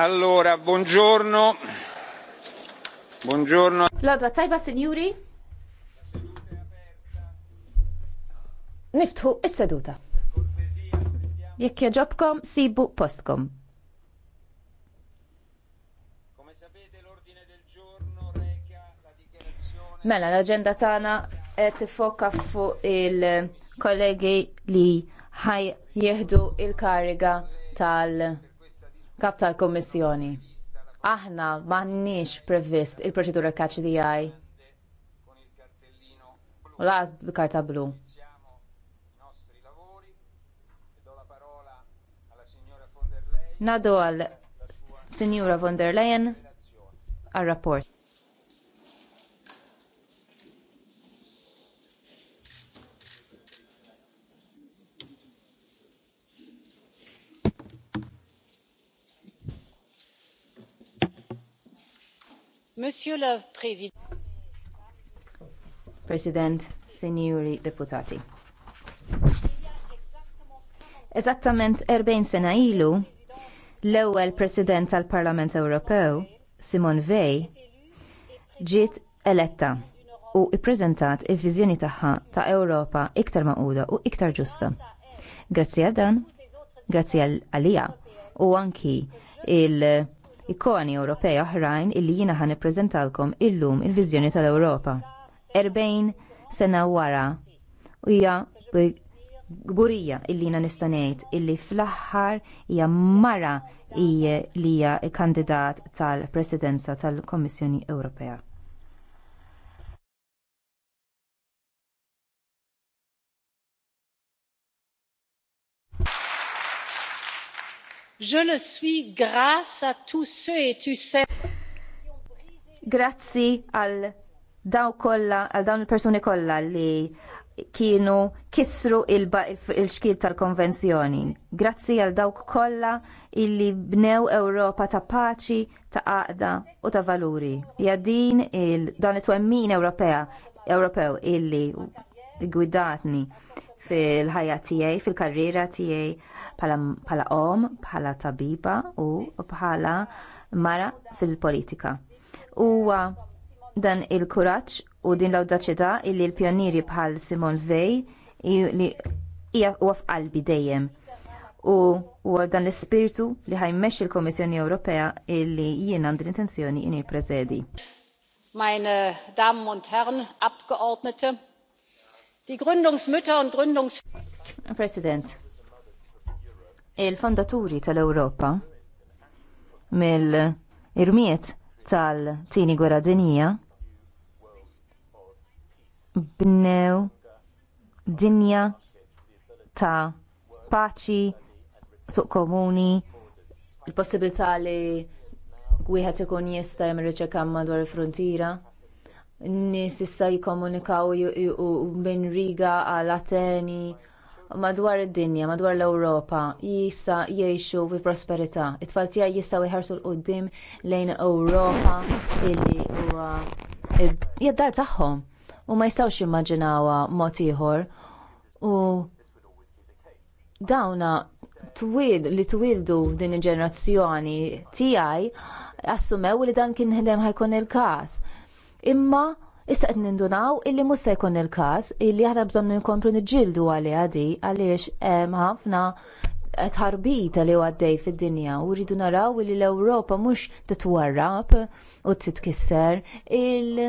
Allora, buongiorno. Buongiorno. Lodwa tajba, signori. Niftħu is-seduta. Jekk jaġobkom, sibu postkom. Mela, l-agenda tagħna qed tifoka fuq il-kollegi li ħaj jieħdu il-kariga tal- kap tal-Kommissjoni. Aħna m'għandniex previst il-proċedura kaċ di għaj. U laqas blu. Nadu għal Signora von der Leyen għal rapport. President, Sinjuri Deputati. Eżattament 40 sena ilu, l-ewwel President tal-Parlament Ewropew, Simon Vej, ġiet eletta u ppreżentat il-viżjoni tagħha ta' Ewropa iktar maquda u iktar ġusta. Grazzi għal dan, grazzi għal għalija u anki il- ikoni Ewropej oħrajn illi jiena ħan ippreżentalkom illum il-viżjoni tal-Ewropa. Erbejn sena wara hija gburija illi jiena nista' ngħid illi fl-aħħar hija mara hija li hija kandidat tal-Presidenza tal-Kommissjoni Ewropea. Je le suis grâce à tous ceux et tu sais. Grazzi għal daw kollha għal dawn il-persuni kollha li kienu kisru il-xkil il xkil tal konvenzjoni Grazzi għal dawk kollha illi bnew Ewropa ta' paċi, ta' għaqda u ta' valuri. Ja din il dan it-twemmin Ewropea Ewropew illi gwidatni fil-ħajja tiegħi, fil-karriera tiegħi bħala omm bħala tabiba u bħala mara fil-politika huwa dan il-kuraġġ u din l-awdaċità illi l pjoniri bħal Simon Vej li hija huwa f'qalbi dejjem. U huwa dan l-ispirtu li ħajmex il-Kommissjoni Ewropea illi jien għandi l-intenzjoni jien jippreżedi. Meine Damen und Herren Abgeordnete, die Gründungsmütter und Gründungs President, il-fondaturi tal-Ewropa mill-irmiet tal-tini gwerra dinija bnew dinja ta' paċi suq komuni il-possibilità li wieħed ikun jista' jagħmel riċerka madwar il frontira nies jista' jikkomunikaw minn Riga għal Ateni madwar id-dinja, madwar l-Ewropa, jista jgħixu fi prosperità. It-tfal tiegħi jistgħu jħarsu l qudiem lejn Ewropa illi huwa id-dar tagħhom u ma jistgħux jimmaġinawha mod ieħor. U dawna twil li twildu f'din il-ġenerazzjoni tiegħi assumew li dan kien ħedem ħajkun il-każ. Imma Issa qed nindunaw illi mhux se jkun il-każ illi aħna bżonn nkomplu niġġieldu għaliha di għaliex hemm ħafna tħarbit li għaddej fid-dinja u rridu naraw li l-Ewropa mhux titwarrab u titkisser il-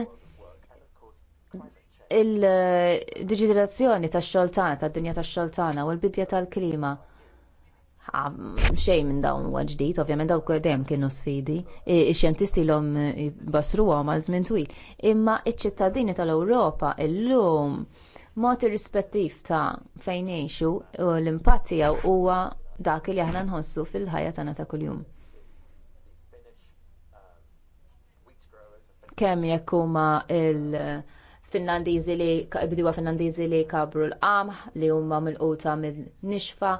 il-digitalizzazzjoni tax-xoltana tad-dinja tax-xoltana u l-bidja tal-klima xejn minn dawn huwa ġdid, ovvjament dawk dejjem kienu sfidi, ix-xjentisti lhom jbassruhom għal żmien twil, imma iċ-ċittadini tal-Ewropa llum mod irrispettiv ta' fejn u l-impatt huwa dak li aħna nħossu fil-ħajja tagħna ta' kuljum. Kemm jekk huma il- Finlandiżi li bdiwa Finlandiżi li kabru l-qamħ li huma mill-quta minn nixfa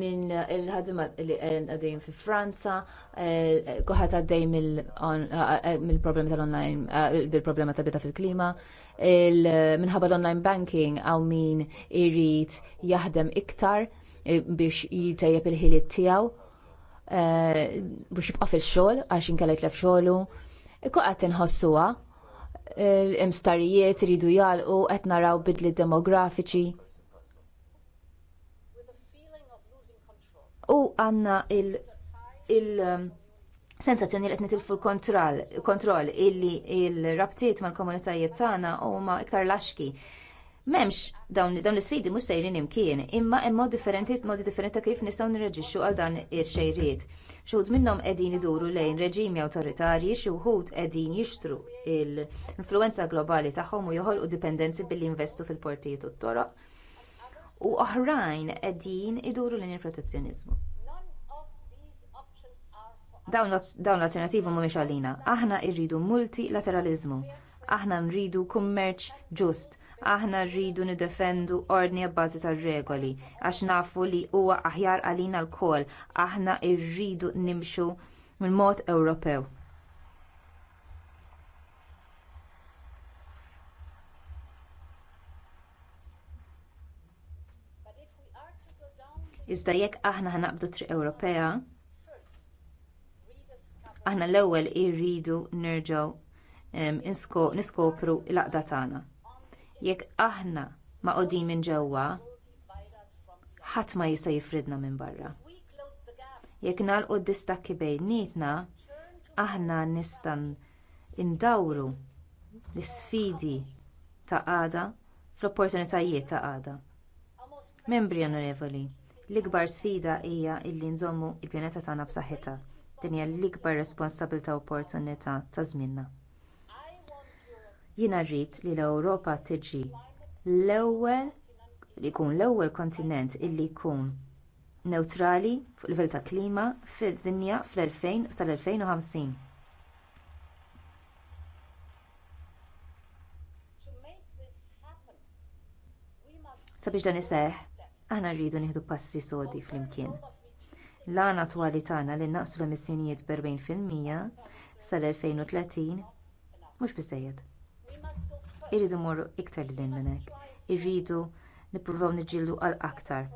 minn il-ħadima li qegħdin fi Franza, eh, kuħat għaddej eh, mill-problema tal-online eh, bil-problema ta' bita fil-klima, minħabba l-online banking għaw min irid jaħdem iktar biex jitejjeb il-ħiliet tiegħu biex jibqa' fil-xogħol għax inkella jitlef xogħlu. Ikku qatt inħossuha l-imstarijiet iridu jalqu qed naraw bidli demografiċi. U għandna il-, il um, sensazzjoni li qed nitilfu l-kontroll illi l-rabtiet mal-komunitajiet tagħna huma iktar laxki M'hemmx dawn dawn l-isfidi mhux sejrin imkien, imma hemm differenti modi differenti ta' kif nistgħu nirreġixxu għal dan ir xejriet Xud minnhom qegħdin iduru lejn reġimi awtoritarji, xi wħud qegħdin jixtru l-influenza globali tagħhom u joħolqu dipendenzi billi jinvestu fil-portijiet u t-toroq. U oħrajn qegħdin iduru lejn il-protezzjoniżmu dawn l-alternativi mhumiex għalina. Aħna rridu multilateraliżmu. Aħna nridu kummerċ ġust aħna rridu niddefendu ordni bbażi tar-regoli għax nafu li huwa aħjar għalina lkoll, aħna rridu nimxu mill-mod Ewropew. Iżda jekk aħna ħanaqbdu triq Ewropea, aħna l-ewwel irridu nerġgħu niskopru l-aqda tagħna jekk aħna ma qogħdin minn ġewwa ħadd ma jista' jifridna minn barra jekk nagħlqu d-distakki bejnietna aħna nista' ndawru l-isfidi ta' għada fl-opportunitajiet ta' għada membri onorevoli l-ikbar sfida hija li nżommu l-pjaneta tagħna b'saħħitha din hija l-ikbar responsabbiltà u opportunità ta' żmienna Jiena rrid li l-Ewropa tiġi l-ewwel li jkun l-ewwel kontinent illi jkun newtrali fuq livell ta' klima fid-dinja fl-2000 sal-2050. Sabiex dan iseħħ, aħna rridu nieħdu passi sodi flimkien. L-għana twali tagħna li naqsu l-emissjonijiet b'40% sal-2030 mhux biżżejjed irridu mmorru iktar lil minn hekk irridu nippruvaw niġġieldu għal aktar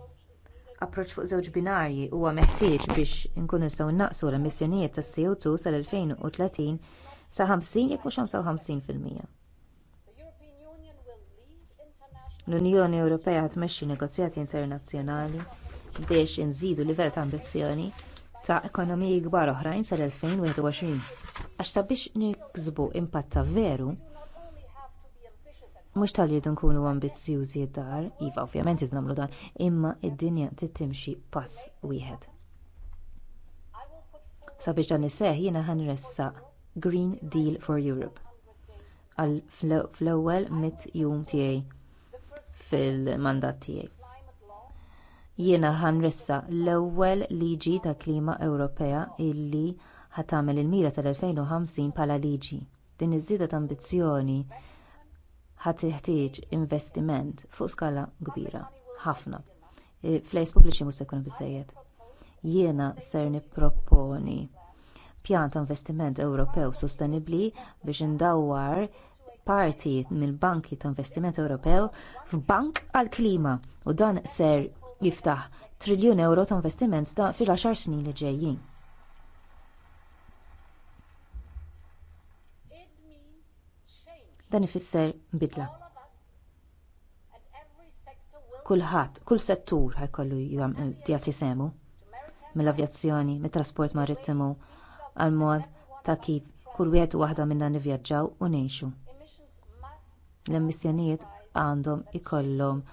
approċċ fuq żewġ binarji huwa meħtieġ biex inkunu nistgħu innaqsu l-emissjonijiet tas-co2 sal-2030 sa 50 jekk mhux 55 fil-mija. L-Unjoni Ewropea tmexxi negozjati internazzjonali biex inżidu livell ta' ambizzjoni ta' ekonomiji kbar oħrajn sal-2021. Għax sabiex niksbu impatt ta' veru, mhux tal irdu nkunu ambizzjużi id-dar iva ovvjament irid nagħmlu dan imma id dinja trid timxi pass wieħed sabiex dan iseħħ jiena ħanressa green deal for europe għal fl-ewwel mitt jum tiegħi fil-mandat tiegħi jiena ħanressa l-ewwel liġi ta' klima ewropea illi ħat tagħmel il-mira tal-2050 bħala liġi din iż-żieda ta' ambizzjoni ħadd iħtieġ investiment fuq skala kbira ħafna. Flejs pubbliċi mhux se jkun biżżejjed. Jiena ser nipproponi pjan ta' investiment Ewropew sostenibbli biex indawwar parti mill-banki ta' investiment Ewropew f'bank għall klima u dan ser jiftaħ triljun euro ta' investiment fil-10 snin li ġejjin Dan ifisser bidla. Kulħadd, kull settur ħajkollu jagħti semu mill-avjazzjoni, mit-trasport marittimu, għal mod ta' kif kull wieħed u waħda minnha nivvjaġġaw u ngħixu. L-emissjonijiet għandhom ikollhom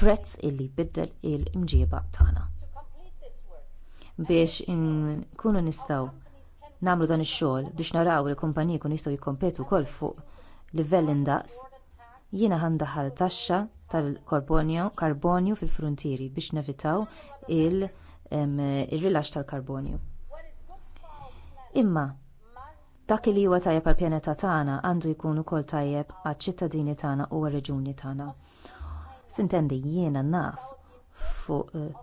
prezz illi jbiddel il-imġieba tagħna. Biex nkunu nistgħu nagħmlu dan ix-xogħol biex naraw li l-kumpaniji jkunu jistgħu jikkompetu wkoll fuq livell indaqs jiena ħandaħħal taxxa tal-karbonju fil-fruntieri biex nevitaw ir-rilaxx tal-karbonju imma dak li huwa tajjeb għall-pjaneta tagħna għandu jkun ukoll tajjeb għaċ-ċittadini tagħna u għar-reġjuni tagħna sintendi jiena naf fuq eh,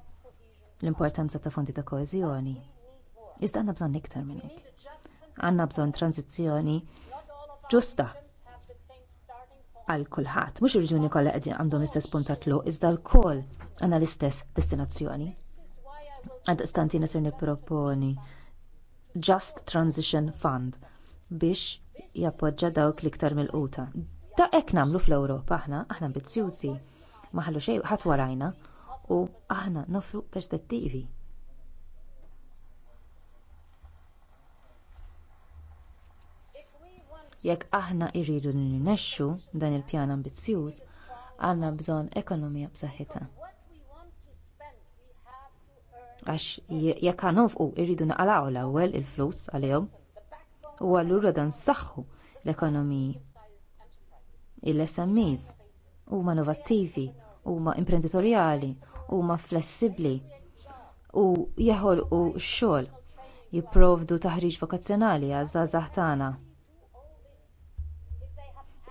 l-importanza ta' fondi ta' koeżjoni iżda għandna bżonn iktar minn hekk għandna bżonn transizzjoni ġusta għal kulħadd. Mhux ir-reġuni kollha qegħdin għandhom l-istess punt tluq iżda l-koll għandna l-istess destinazzjoni. Għad istantina ser nipproponi Just Transition Fund biex jappoġġa dawk l-iktar mill-quta. Da hekk nagħmlu fl-Ewropa aħna, aħna ambizzjużi, ma ħallu xejn ħadd warajna u aħna nofru perspettivi. jekk aħna rridu ninexxu dan il-pjan ambizzjuż għandna bżonn ekonomija b'saħħitha għax jekk ħanofqu rridu naqalgħu l-ewwel il-flus għalihom u allura dan saħħu l-ekonomiji. Il-SMEs huma innovattivi, huma imprenditorjali, huma flessibbli u jeħolqu x-xogħol jipprovdu taħriġ vokazzjonali għaż-żgħażagħ tagħna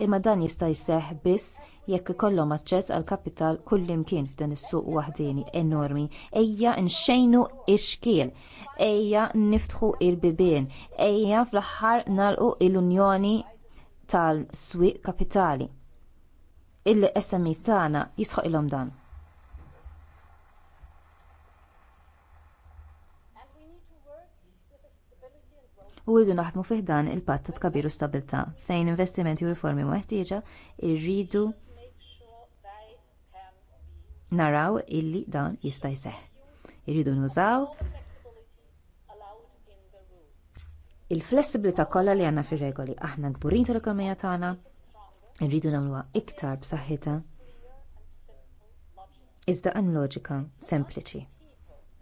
imma dan jista' jseħħ biss jekk ikollhom aċċess għal kapital kullimkien f'dan is-suq waħdini enormi ejja nxejnu x'kien xkiel ejja niftħu l-bibien ejja fl-aħħar nagħlqu l-unjoni tal-swieq kapitali il-smes tagħna jisħoqilhom dan u rridu naħdmu fih dan il-patt ta' tkabbir u stabbiltà fejn investimenti u riformi meħtieġa irridu naraw illi dan jista' jseħħ. Irridu nużaw il-flessibilità kollha li għandna fir-regoli. Aħna kburin tal-ekonomija tagħna, irridu nagħmluha iktar b'saħħitha iżda għan loġika sempliċi.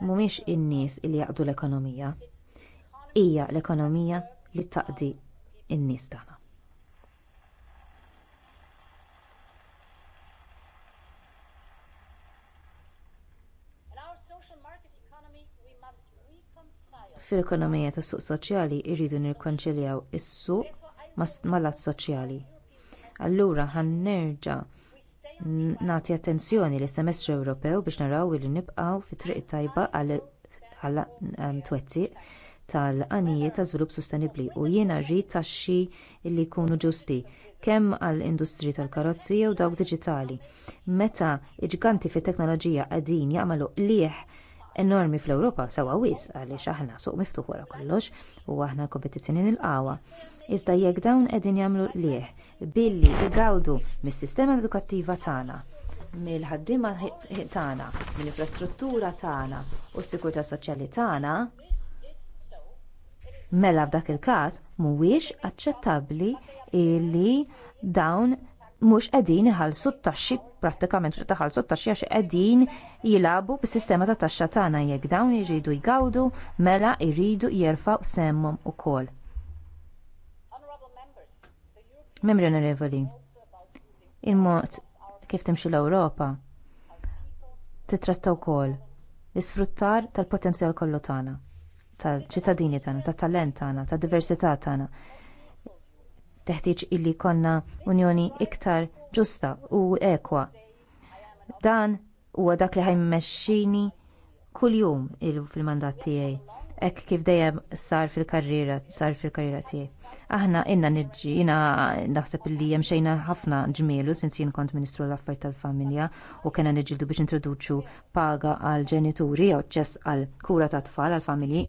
Mhumiex in-nies li jaqdu l-ekonomija, hija l-ekonomija li taqdi n-nies tagħna fil-ekonomija tas-suq soċjali jridu nikkonċiljaw is-suq mal-lat soċjali allura ħanerġa' nagħti attenzjoni lis-semestru ewropew biex naraw li nibqgħu fi triq tajba għal twettiq tal-għanijiet ta' żvilupp sostenibbli u jiena rrid taxxi li jkunu ġusti kemm għall-industriji tal-karozzi jew dawk diġitali meta l-ġiganti fit-teknoloġija qegħdin jagħmlu qlieħ enormi fl-ewropa sewwa wisq għaliex aħna suq miftuħ wara kollox u aħna l-kompetizzjoni nilqawha iżda jekk dawn qegħdin jagħmlu qlieħ billi jgawdu mis-sistema edukattiva tagħna mill-ħaddiema tagħna mill-infrastruttura tagħna u s-sigurtà soċjali tagħna Mela f'dak il-każ mhuwiex aċċettabbli li dawn mhux qegħdin iħallsu t-taxxi prattikament mhux taħallsu t-taxxi għax qegħdin jilagħbu bis-sistema ta' taxxa tagħna jekk dawn iridu jgawdu mela jridu jerfgħu semmhom ukoll. Membri onorevoli, il-mod kif timxi l-Ewropa titratta wkoll l-isfruttar tal-potenzjal kollu tagħna tal-ċittadini tagħna, tat-talent tagħna, tad-diversità tagħna. Teħtieġ illi jkollna Unjoni iktar ġusta u ekwa. Dan huwa dak li ħajmexxini kuljum fil-mandat tiegħi. Hekk kif dejjem sar fil-karriera, sar fil-karriera tiegħi. Aħna inna niġġi, jina naħseb li jemxejna ħafna ġmielu sinzi jien kont Ministru l affar tal-Familja u kena niġġieldu biex introduċu paga għal ġenituri jew ċess għal kura ta' tfal għal familji.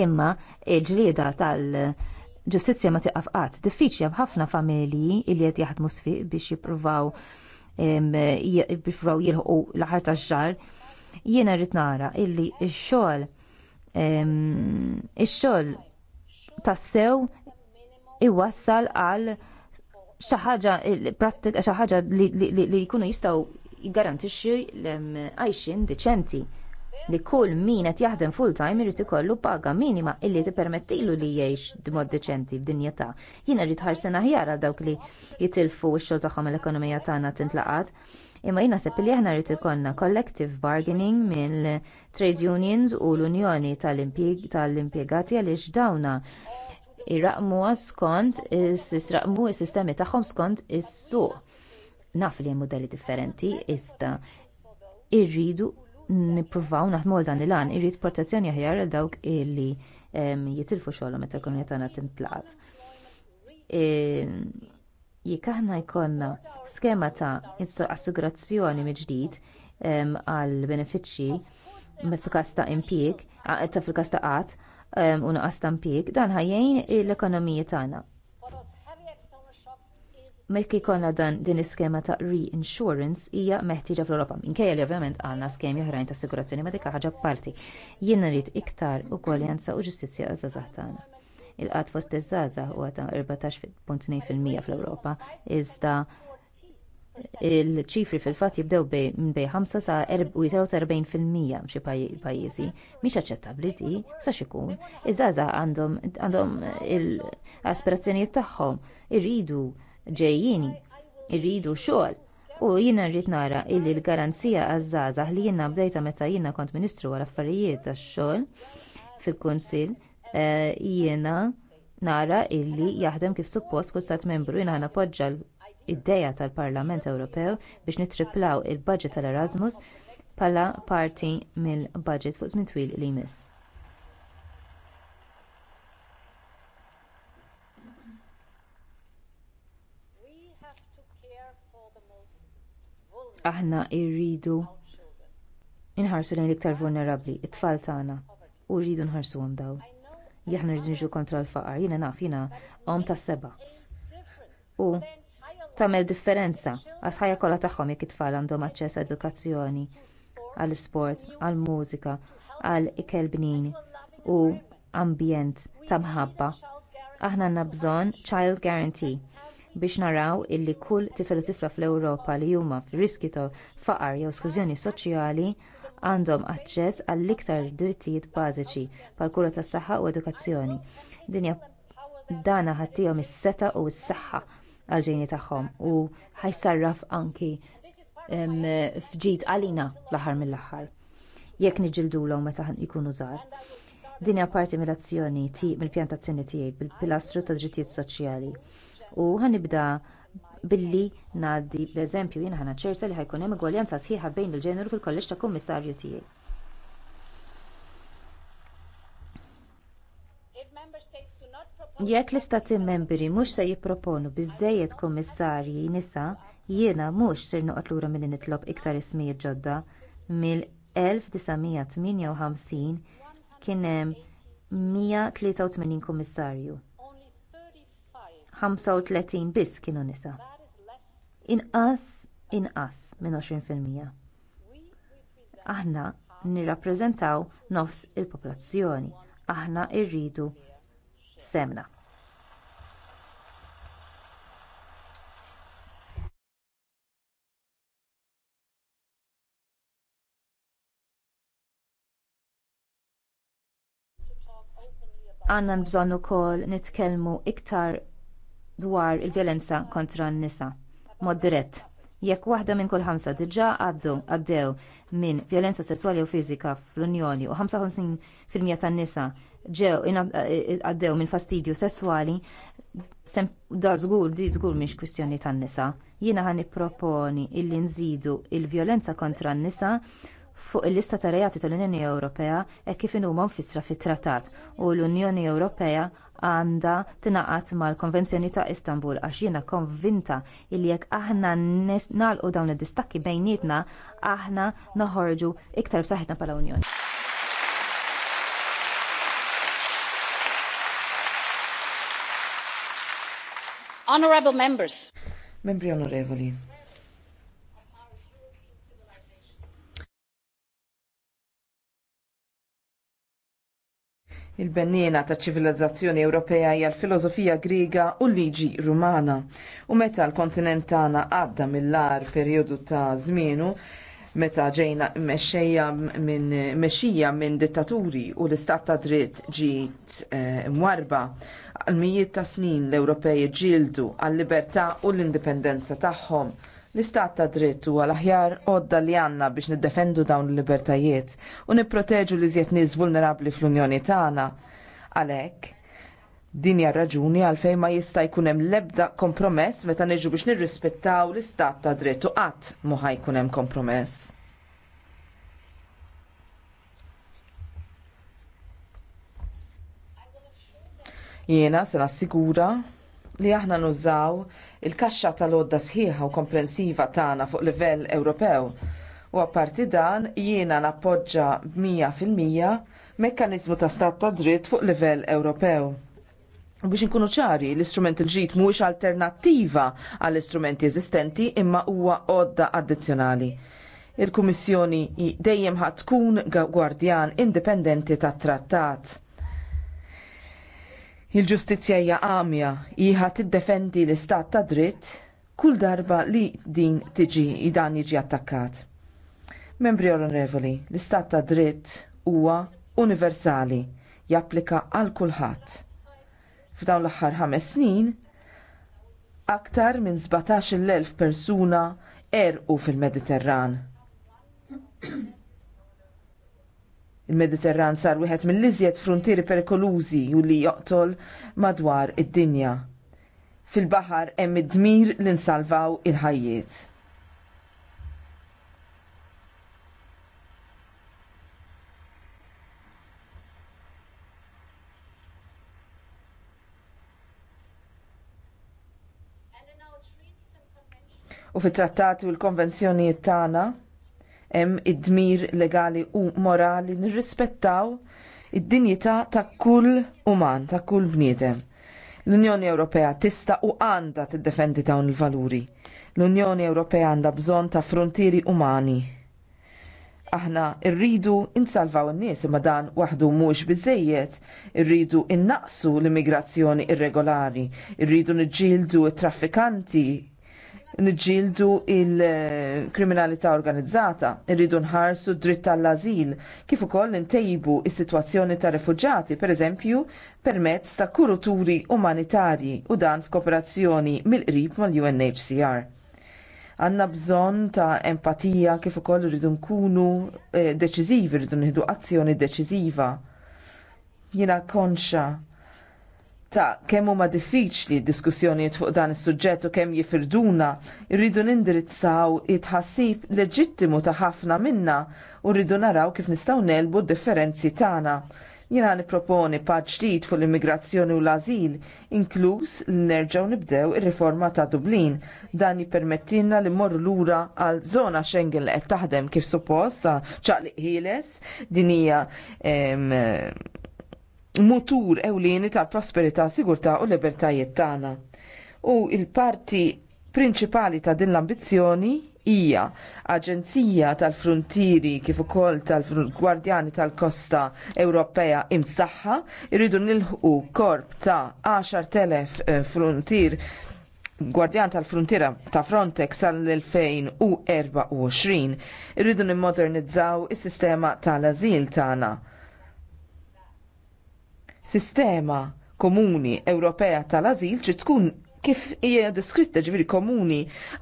Imma il-ġlieda tal- ġustizzja ma tiqaf qatt. Diffiċli b'ħafna familji li qed jaħdmu sfiq biex jippruvaw jippruvaw jilħqu l-aħar tax-xar. Jiena rrid nara illi x-xogħol ix-xogħol tassew iwassal għal xi ħaġa prattika xi ħaġa li jkunu jistgħu jiggarantixxi għajxin deċenti li kull min qed jaħdem full-time irid ikollu paga minima illi tippermettilu li jgħix b'mod deċenti f'dinjetà. Jiena rrid ħarsen aħjar għal dawk li jitilfu x-xogħol tagħhom l-ekonomija tagħna tintlaqat. Imma jiena sepp li aħna rrid ikollna collective bargaining mill trade unions u l-Unjoni tal-impjegati għaliex dawna irraqmuha skont is sistraqmu s-sistemi tagħhom skont is-suq. Naf li hemm modelli differenti iżda irridu nippruvaw naħdmu għal dan il-għan irrid protezzjoni aħjar għal dawk illi jitilfu xogħolhom meta l-ekonomija tagħna tintlaqat. E, jekk aħna jkollna skema ta' assigurazzjoni mill-ġdid għal benefiċċji fil-każ ta' impjieg, ta' fil-każ ta' qatt u naqas ta' impjieg, dan ħajjejn l-ekonomija tagħna mekk ikollna dan din iskema ta' reinsurance hija meħtieġa fl-Ewropa. Minkejja li ovvjament għandna skemi oħrajn ta' assigurazzjoni ma' ħaġa parti. Jien nrid iktar ukolljanza u ġustizzja għażażaħ tagħna. Il-qatt fost iż-żgħażagħ huwa ta' 14.2% fl-Ewropa iżda il-ċifri fil-fatt jibdew minn bej 5 sa 43% f'xi pajjiżi. Mhix aċċettabbli di sa xikun. Iż-żgħażagħ għandhom għandhom l-aspirazzjonijiet tagħhom irridu ġejjini irridu xogħol u jiena rrid nara illi l-garanzija għaż-żgħażagħ li jiena bdejta meta jiena kont Ministru għall-Affarijiet tax-xogħol fil-Kunsill eh, jiena nara illi jaħdem kif suppost kull stat membru jiena poġġa l-idea tal-Parlament Ewropew biex nitriplaw il-budget tal-Erasmus bħala parti mill-budget fuq żmien twil li jmiss. aħna rridu inħarsu lejn l-iktar vulnerabbli it-tfal tagħna u rridu nħarsuhom dawn aħna rridu niġu kontra l-faqar jiena naf jiena hom tas-seba' u tagħmel differenza għas-ħajja kollha tagħhom jekk it-tfal għandhom aċċess edukazzjoni għall isport għall-mużika għall-ikel bnin u ambjent ta' mħabba aħna għandna bżonn child guarantee biex naraw illi kull tifel u tifla fl-Ewropa li huma fir-riskju ta' faqar jew skużjoni soċjali għandhom aċċess għall-iktar drittijiet bażiċi bħall kura tas-saħħa u edukazzjoni. Dinja dana ħaddihom is-seta u s-saħħa għall-ġejni tagħhom u ħajsarraf anki fġid għalina l-aħħar mill-aħħar jekk niġġildulhom meta jkunu żgħar. Din hija parti mill-azzjoni mill-pjantazzjoni tiegħi bil-pilastru tad drittijiet soċjali u ħanibda billi nadi b'eżempju jien ħana ċerta li ħajkun hemm igwaljanza sħiħa bejn il-ġeneru fil-kolleġġ ta' kummissarju tiegħi. Jekk l-istati membri mhux se jipproponu biżżejjed kummissarji nisa, jiena mhux se noqgħod lura milli nitlob iktar ismijiet ġodda. Mill-1958 kien hemm 183 kummissarju. 35 biss kienu nisa inqas inqas minn 20% aħna nirrappreżentaw nofs il-popolazzjoni aħna rridu semna għandna bżonn ukoll nitkellmu iktar dwar il-vjolenza kontra n-nisa mod dirett. Jekk waħda minn kull ħamsa diġà għaddu għaddew minn vjolenza sesswali u fiżika fl-Unjoni u 55% tan-nisa ġew eh, għaddew minn fastidju sesswali, da żgur di żgur mhix kwistjoni tan-nisa. Jiena ħan nipproponi illi nżidu l il vjolenza kontra n-nisa fuq il-lista ta' reati tal-Unjoni Ewropea hekk kif huma mfissra fit-trattat u l-Unjoni Ewropea għandha tingħaqad mal-Konvenzjoni ta' Istanbul għax jiena konvinta li jekk aħna nagħlqu dawn id-distakki bejnietna aħna noħorġu iktar b'saħħitna bħala Unjoni. Honorable members. Membri onorevoli, Il-bennina ta' ċivilizzazzjoni Ewropea hija l-filosofija Griega u l-liġi Rumana. U meta l-kontinent tagħna għadda mill-lar perjodu ta' żmienu, meta ġejna mexxejja minn mexxija minn dittaturi u l-istat ta' dritt ġiet eh, mwarba, għal mijiet ta' snin l-Ewropej ġildu għal-libertà u l-indipendenza tagħhom L-istat ta' dritt huwa l-aħjar għodda li għandna biex niddefendu dawn il-libertajiet u nipproteġu li żjed nies vulnerabbli fl-Unjoni tagħna. Għalhekk, din hija raġuni għalfejn ma jista' jkun hemm l-ebda kompromess meta niġu biex nirrispettaw l-istat ta' dritt u qatt mu jkun hemm kompromess. Jiena se nassigura li aħna nużaw il-kaxxa tal-odda sħiħa u komprensiva tagħna fuq livell Ewropew. U apparti dan jiena nappoġġa 100% mekkaniżmu ta' stat ta' dritt fuq livell Ewropew. U biex inkunu ċari, l-istrument il-ġit mhuwiex alternattiva għall-istrumenti eżistenti imma huwa għodda addizzjonali. Il-Kummissjoni dejjem ħad tkun gwardjan indipendenti tat-trattat Il-ġustizzja hija għamja, hija tiddefendi l-istat ta' dritt kull darba li din tiġi dan jiġi attakkat. Membri onorevoli, l-istat ta' dritt huwa universali, japplika għal kulħadd. F'dawn l-aħħar ħames snin, aktar minn 17,000 persuna erqu fil-Mediterran. Il-Mediterran sar wieħed mill-iżjed frontieri perikolużi u li joqtol madwar id-dinja. Fil-baħar hemm id-dmir li nsalvaw il-ħajjiet. u fit-trattati u l-konvenzjonijiet tagħna hemm id-dmir legali u morali nirrispettaw id-dinjità ta' kull uman, ta' kull bniedem. L-Unjoni Ewropea tista' u għandha tiddefendi dawn il-valuri. L-Unjoni Ewropea għandha bżonn ta' frontieri umani. Aħna rridu insalvaw in-nies imma dan waħdu mhux biżejjed, irridu innaqsu l-immigrazzjoni irregolari, irridu niġġieldu t traffikanti nġildu il-kriminalità organizzata, irridu nħarsu dritt tal-azil, kif ukoll ntejbu is-sitwazzjoni ta' refuġati, per eżempju, permezz ta' kuruturi umanitarji u dan f'kooperazzjoni mill-qrib mal-UNHCR. Għanna bżon ta' empatija kif ukoll rridu nkunu eh, deċiżivi, rridu nħidu azzjoni deċiżiva. Jiena konxa ta' kemm huma diffiċli diskussjonijiet fuq dan is-suġġett u kemm jifirduna, irridu nindirizzaw it-ħassib leġittimu ta' ħafna minna u rridu naraw kif nistgħu nelbu d-differenzi tagħna. Jiena nipproponi paġġ ġdid fuq l-immigrazzjoni u l-azil, inkluż li nerġgħu nibdew ir-riforma ta' Dublin. Dan jippermettilna li mmorru lura għal żona Schengen li qed taħdem kif suppost ta' ċaqliq ħieles din hija mutur ewlieni tal-prosperità, sigurtà u libertajiet tagħna. U l parti prinċipali ta' din l-ambizzjoni hija Aġenzija tal-Frontieri kif ukoll tal-Gwardjani tal-Kosta Ewropea imsaħħa irridu nilħu korp ta' 10,000 eh, frontier Gwardjan tal-Frontiera ta' Frontex sal-2024 irridu nimmodernizzaw is-sistema tal-azil tagħna sistema komuni Ewropea tal-azil trid tkun kif hija deskritta ġifieri komuni,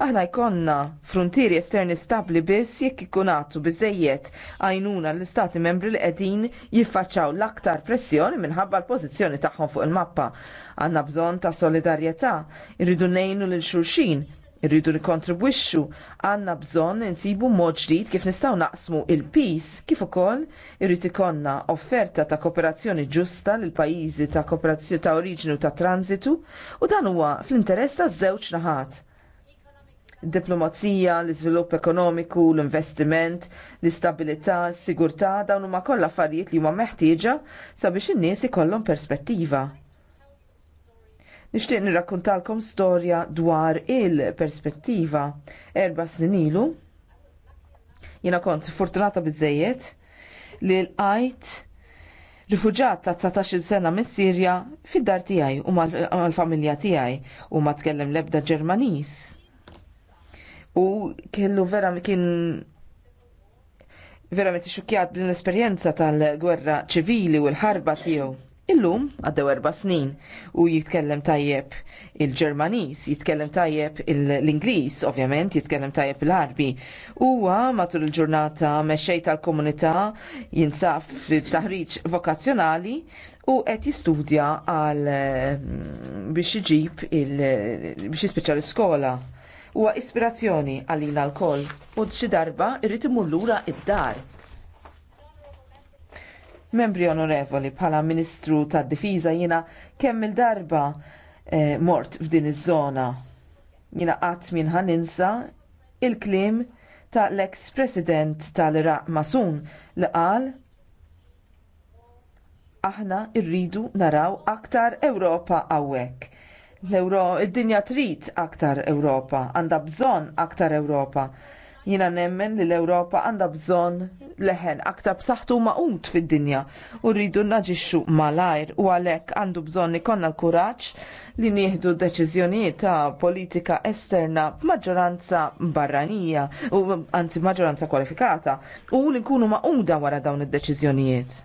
aħna jkollna frontieri esterni stabbli biss jekk ikun għatu biżejjed għajnuna l-istati membri li qegħdin jiffaċċaw l-aktar pressjoni minħabba l-pożizzjoni tagħhom fuq il-mappa. Għandna bżonn ta' solidarjetà, irridu ngħinu lil xulxin Irridu nikontribwixxu għandna bżonn insibu mod ġdid kif nistgħu naqsmu il-pis kif ukoll irrid ikollna offerta ta' kooperazzjoni ġusta lil pajjiżi ta' kooperazzjoni ta' oriġinu ta' transitu u dan huwa fl-interess ta' żewġ naħat. Diplomazija, l-iżvilupp ekonomiku, l-investiment, l-istabilità, s-sigurtà dawn huma kollha affarijiet li huma meħtieġa sabiex in-nies ikollhom perspettiva Nixtieq nirrakkuntalkom storja dwar il-perspettiva. Erba snin ilu, jiena kont fortunata bizzejiet li l-għajt rifugġat ta' 19 sena mis sirja fid-dar tiegħi u mal-familja tiegħi u ma tkellem l-ebda Ġermaniż. U kellu vera kien verament xukjat l esperjenza tal-gwerra ċivili u l-ħarba tiegħu illum għaddew erba' snin u jitkellem tajjeb il-Ġermaniż, jitkellem tajjeb l-Ingliż, ovvjament, jitkellem tajjeb l-Arbi. Huwa matul il-ġurnata mexxej tal-komunità jinsab fit-taħriġ vokazzjonali u qed jistudja għal mm, biex iġib biex jispiċċa l-iskola huwa ispirazzjoni għalina l-koll u xi darba irrid imur lura id-dar Membri onorevoli bħala Ministru tad-Difiża jiena kemm il-darba eh, mort f'din iż-żona. Jiena qatt minn ħaninsa il-kliem ta' l-eks president tal-Iraq Masun li qal aħna rridu naraw aktar Ewropa hawnhekk. L-Euro, id-dinja trid aktar Ewropa, għandha bżonn aktar Ewropa. Jiena nemmen li l-Ewropa għandha bżonn leħen aktar b'saħħtu maqut fid-dinja u rridu naġixxu malajr u għalhekk għandu bżonn konna l-kuraġġ li nieħdu deċiżjonijiet ta' politika esterna b'maġġoranza barranija u anzi maġġoranza kwalifikata u li nkunu maquda wara dawn id-deċiżjonijiet.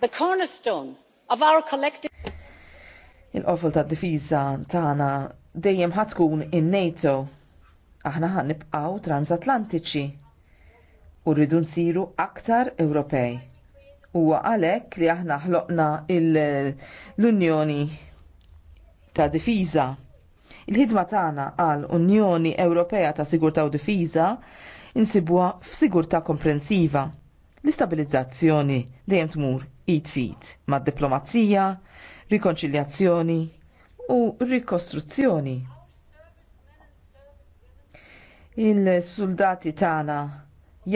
The cornerstone of our collective il-qofol tad difiża tagħna dejjem ħatkun in-NATO. Aħna ħan transatlantiċi u rridu nsiru aktar Ewropej. Huwa għalhekk li aħna ħloqna l-Unjoni ta' Difiża. Il-ħidma tagħna għal Unjoni Ewropea ta' Sigurtà u Difiża insibuha f'sigurtà komprensiva. L-istabilizzazzjoni dejjem tmur it-fit mad-diplomazija, rikonċiljazzjoni u rikostruzzjoni. Il-soldati tagħna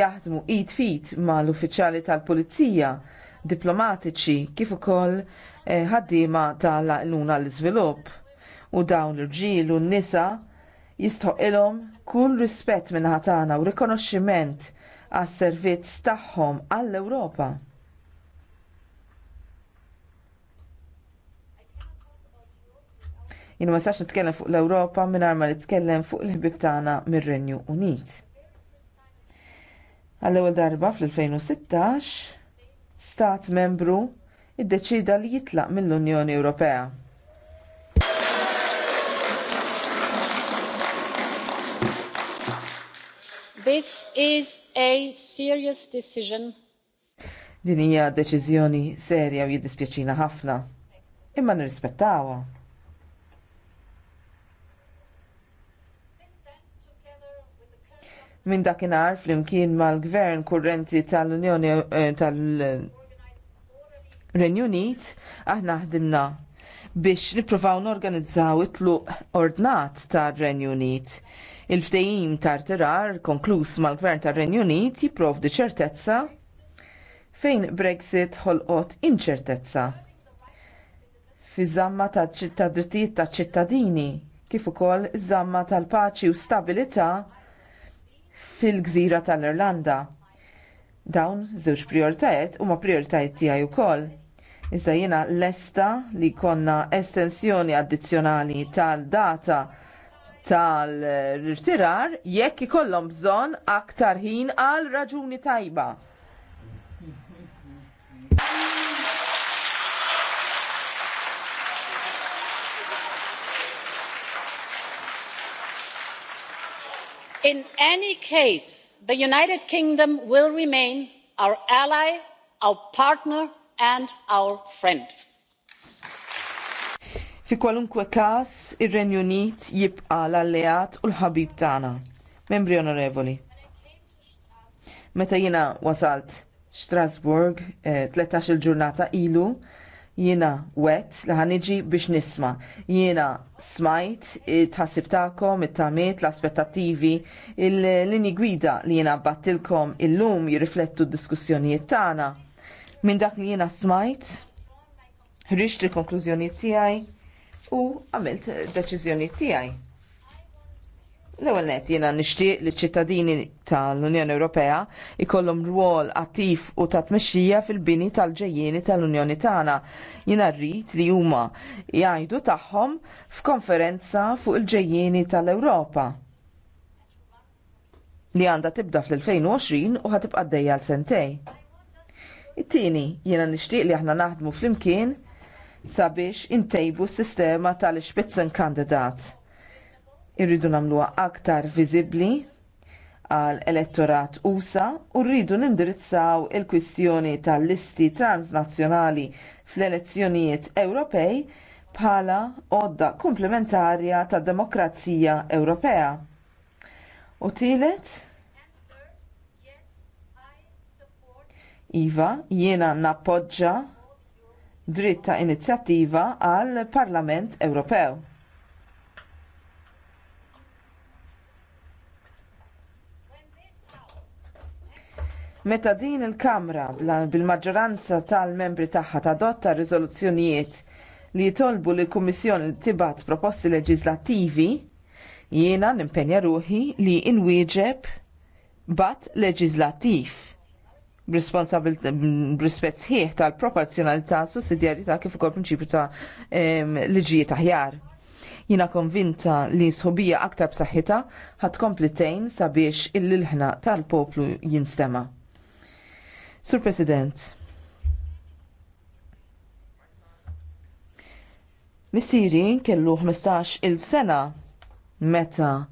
jaħdmu id fit mal-uffiċjali tal-Pulizija, diplomatiċi kif ukoll eh, ħaddiema tal-luna l-iżvilupp u dawn l-ġil u n-nisa jistħoqilhom kull rispett minn ħatana u rikonoxximent għas servizz tagħhom għall-Ewropa. Jien ma sax nitkellem fuq l-Ewropa mingħajr ma nitkellem fuq il-ħbib tagħna mir-Renju Unit. Għall-ewwel darba fl-2016 stat membru iddeċida li jitlaq mill-Unjoni Ewropea. This is a serious decision. Din hija deċiżjoni serja u jiddispjaċina ħafna. Imma nirrispettawha. Minn dakinhar flimkien mal-gvern kurrenti tal-Unjoni eh, tal-Renju Unit aħna ħdimna biex nippruvaw norganizzaw it-tluq ordnat tar-Renju Unit. Il-ftehim tar-terar konkluż mal-gvern tar-Renju Unit jipprovdi ċertezza fejn Brexit ħolqot inċertezza. Fi żamma tad-drittijiet taċ ċittadini kif ukoll zamma tal-paċi u stabilità fil-gżira tal-Irlanda. Dawn żewġ prioritajiet huma prioritajiet tiegħi wkoll. Iżda jiena lesta li jkollna estensjoni addizzjonali tal-data tal-irtirar jekk ikollhom bżonn aktar ħin għal raġuni tajba. in any case the united kingdom will remain our ally our partner and our friend. Fi kwalunkwe każ ir-Renju Unit jibqa' l-alleat u l-ħabib tagħna. Membri onorevoli. Meta jiena wasalt Strasburg 13-il eh, ġurnata ilu, Jiena wet li ħaniġi biex nisma. Jiena smajt tħassib ħassib tagħkom, it-tamiet, l-aspettattivi, l lini gwida li jiena battilkom illum jirriflettu d-diskussjonijiet tagħna. Minn dak li jiena smajt, ħriġt il-konklużjoni tiegħi u għamilt deċiżjoni tiegħi. L-ewwel nett jiena nixtieq li ċ-ċittadini tal-Unjoni Ewropea ikollhom rwol attiv u ta' tmexxija fil-bini tal-ġejjieni tal-Unjoni tagħna. Jiena rrid li huma jgħidu tagħhom f'konferenza fuq il-ġejjieni tal-Ewropa li għandha tibda fl-2020 u ħatibqa' għaddejja għal sentej. It-tieni jiena nixtieq li aħna naħdmu flimkien sabiex intejbu s-sistema tal-Spitzenkandidat. kandidat irridu nagħmluha aktar viżibbli għal elettorat USA u rridu nindirizzaw il-kwistjoni tal-listi transnazzjonali fl-elezzjonijiet Ewropej bħala għodda komplementarja tad demokrazija Ewropea. U tielet, Iva, jiena nappoġġa dritt ta' inizjattiva għall Parlament Ewropew. Meta din il-Kamra bil-maġġoranza tal-membri tagħha tadotta riżoluzzjonijiet li jitolbu li l-Kummissjoni tibat proposti leġislattivi, jiena nimpenja ruħi li inwieġeb bat leġislattiv b'rispett sħiħ tal-proporzjonalità, sussidjarjetà kif ukoll prinċipju ta' liġijiet aħjar jina konvinta li sħobija aktar b'saħħitha ħadd tgħin sabiex il lilħna tal-poplu jinstema'. Sur President, Missiri kellu 15 il-sena meta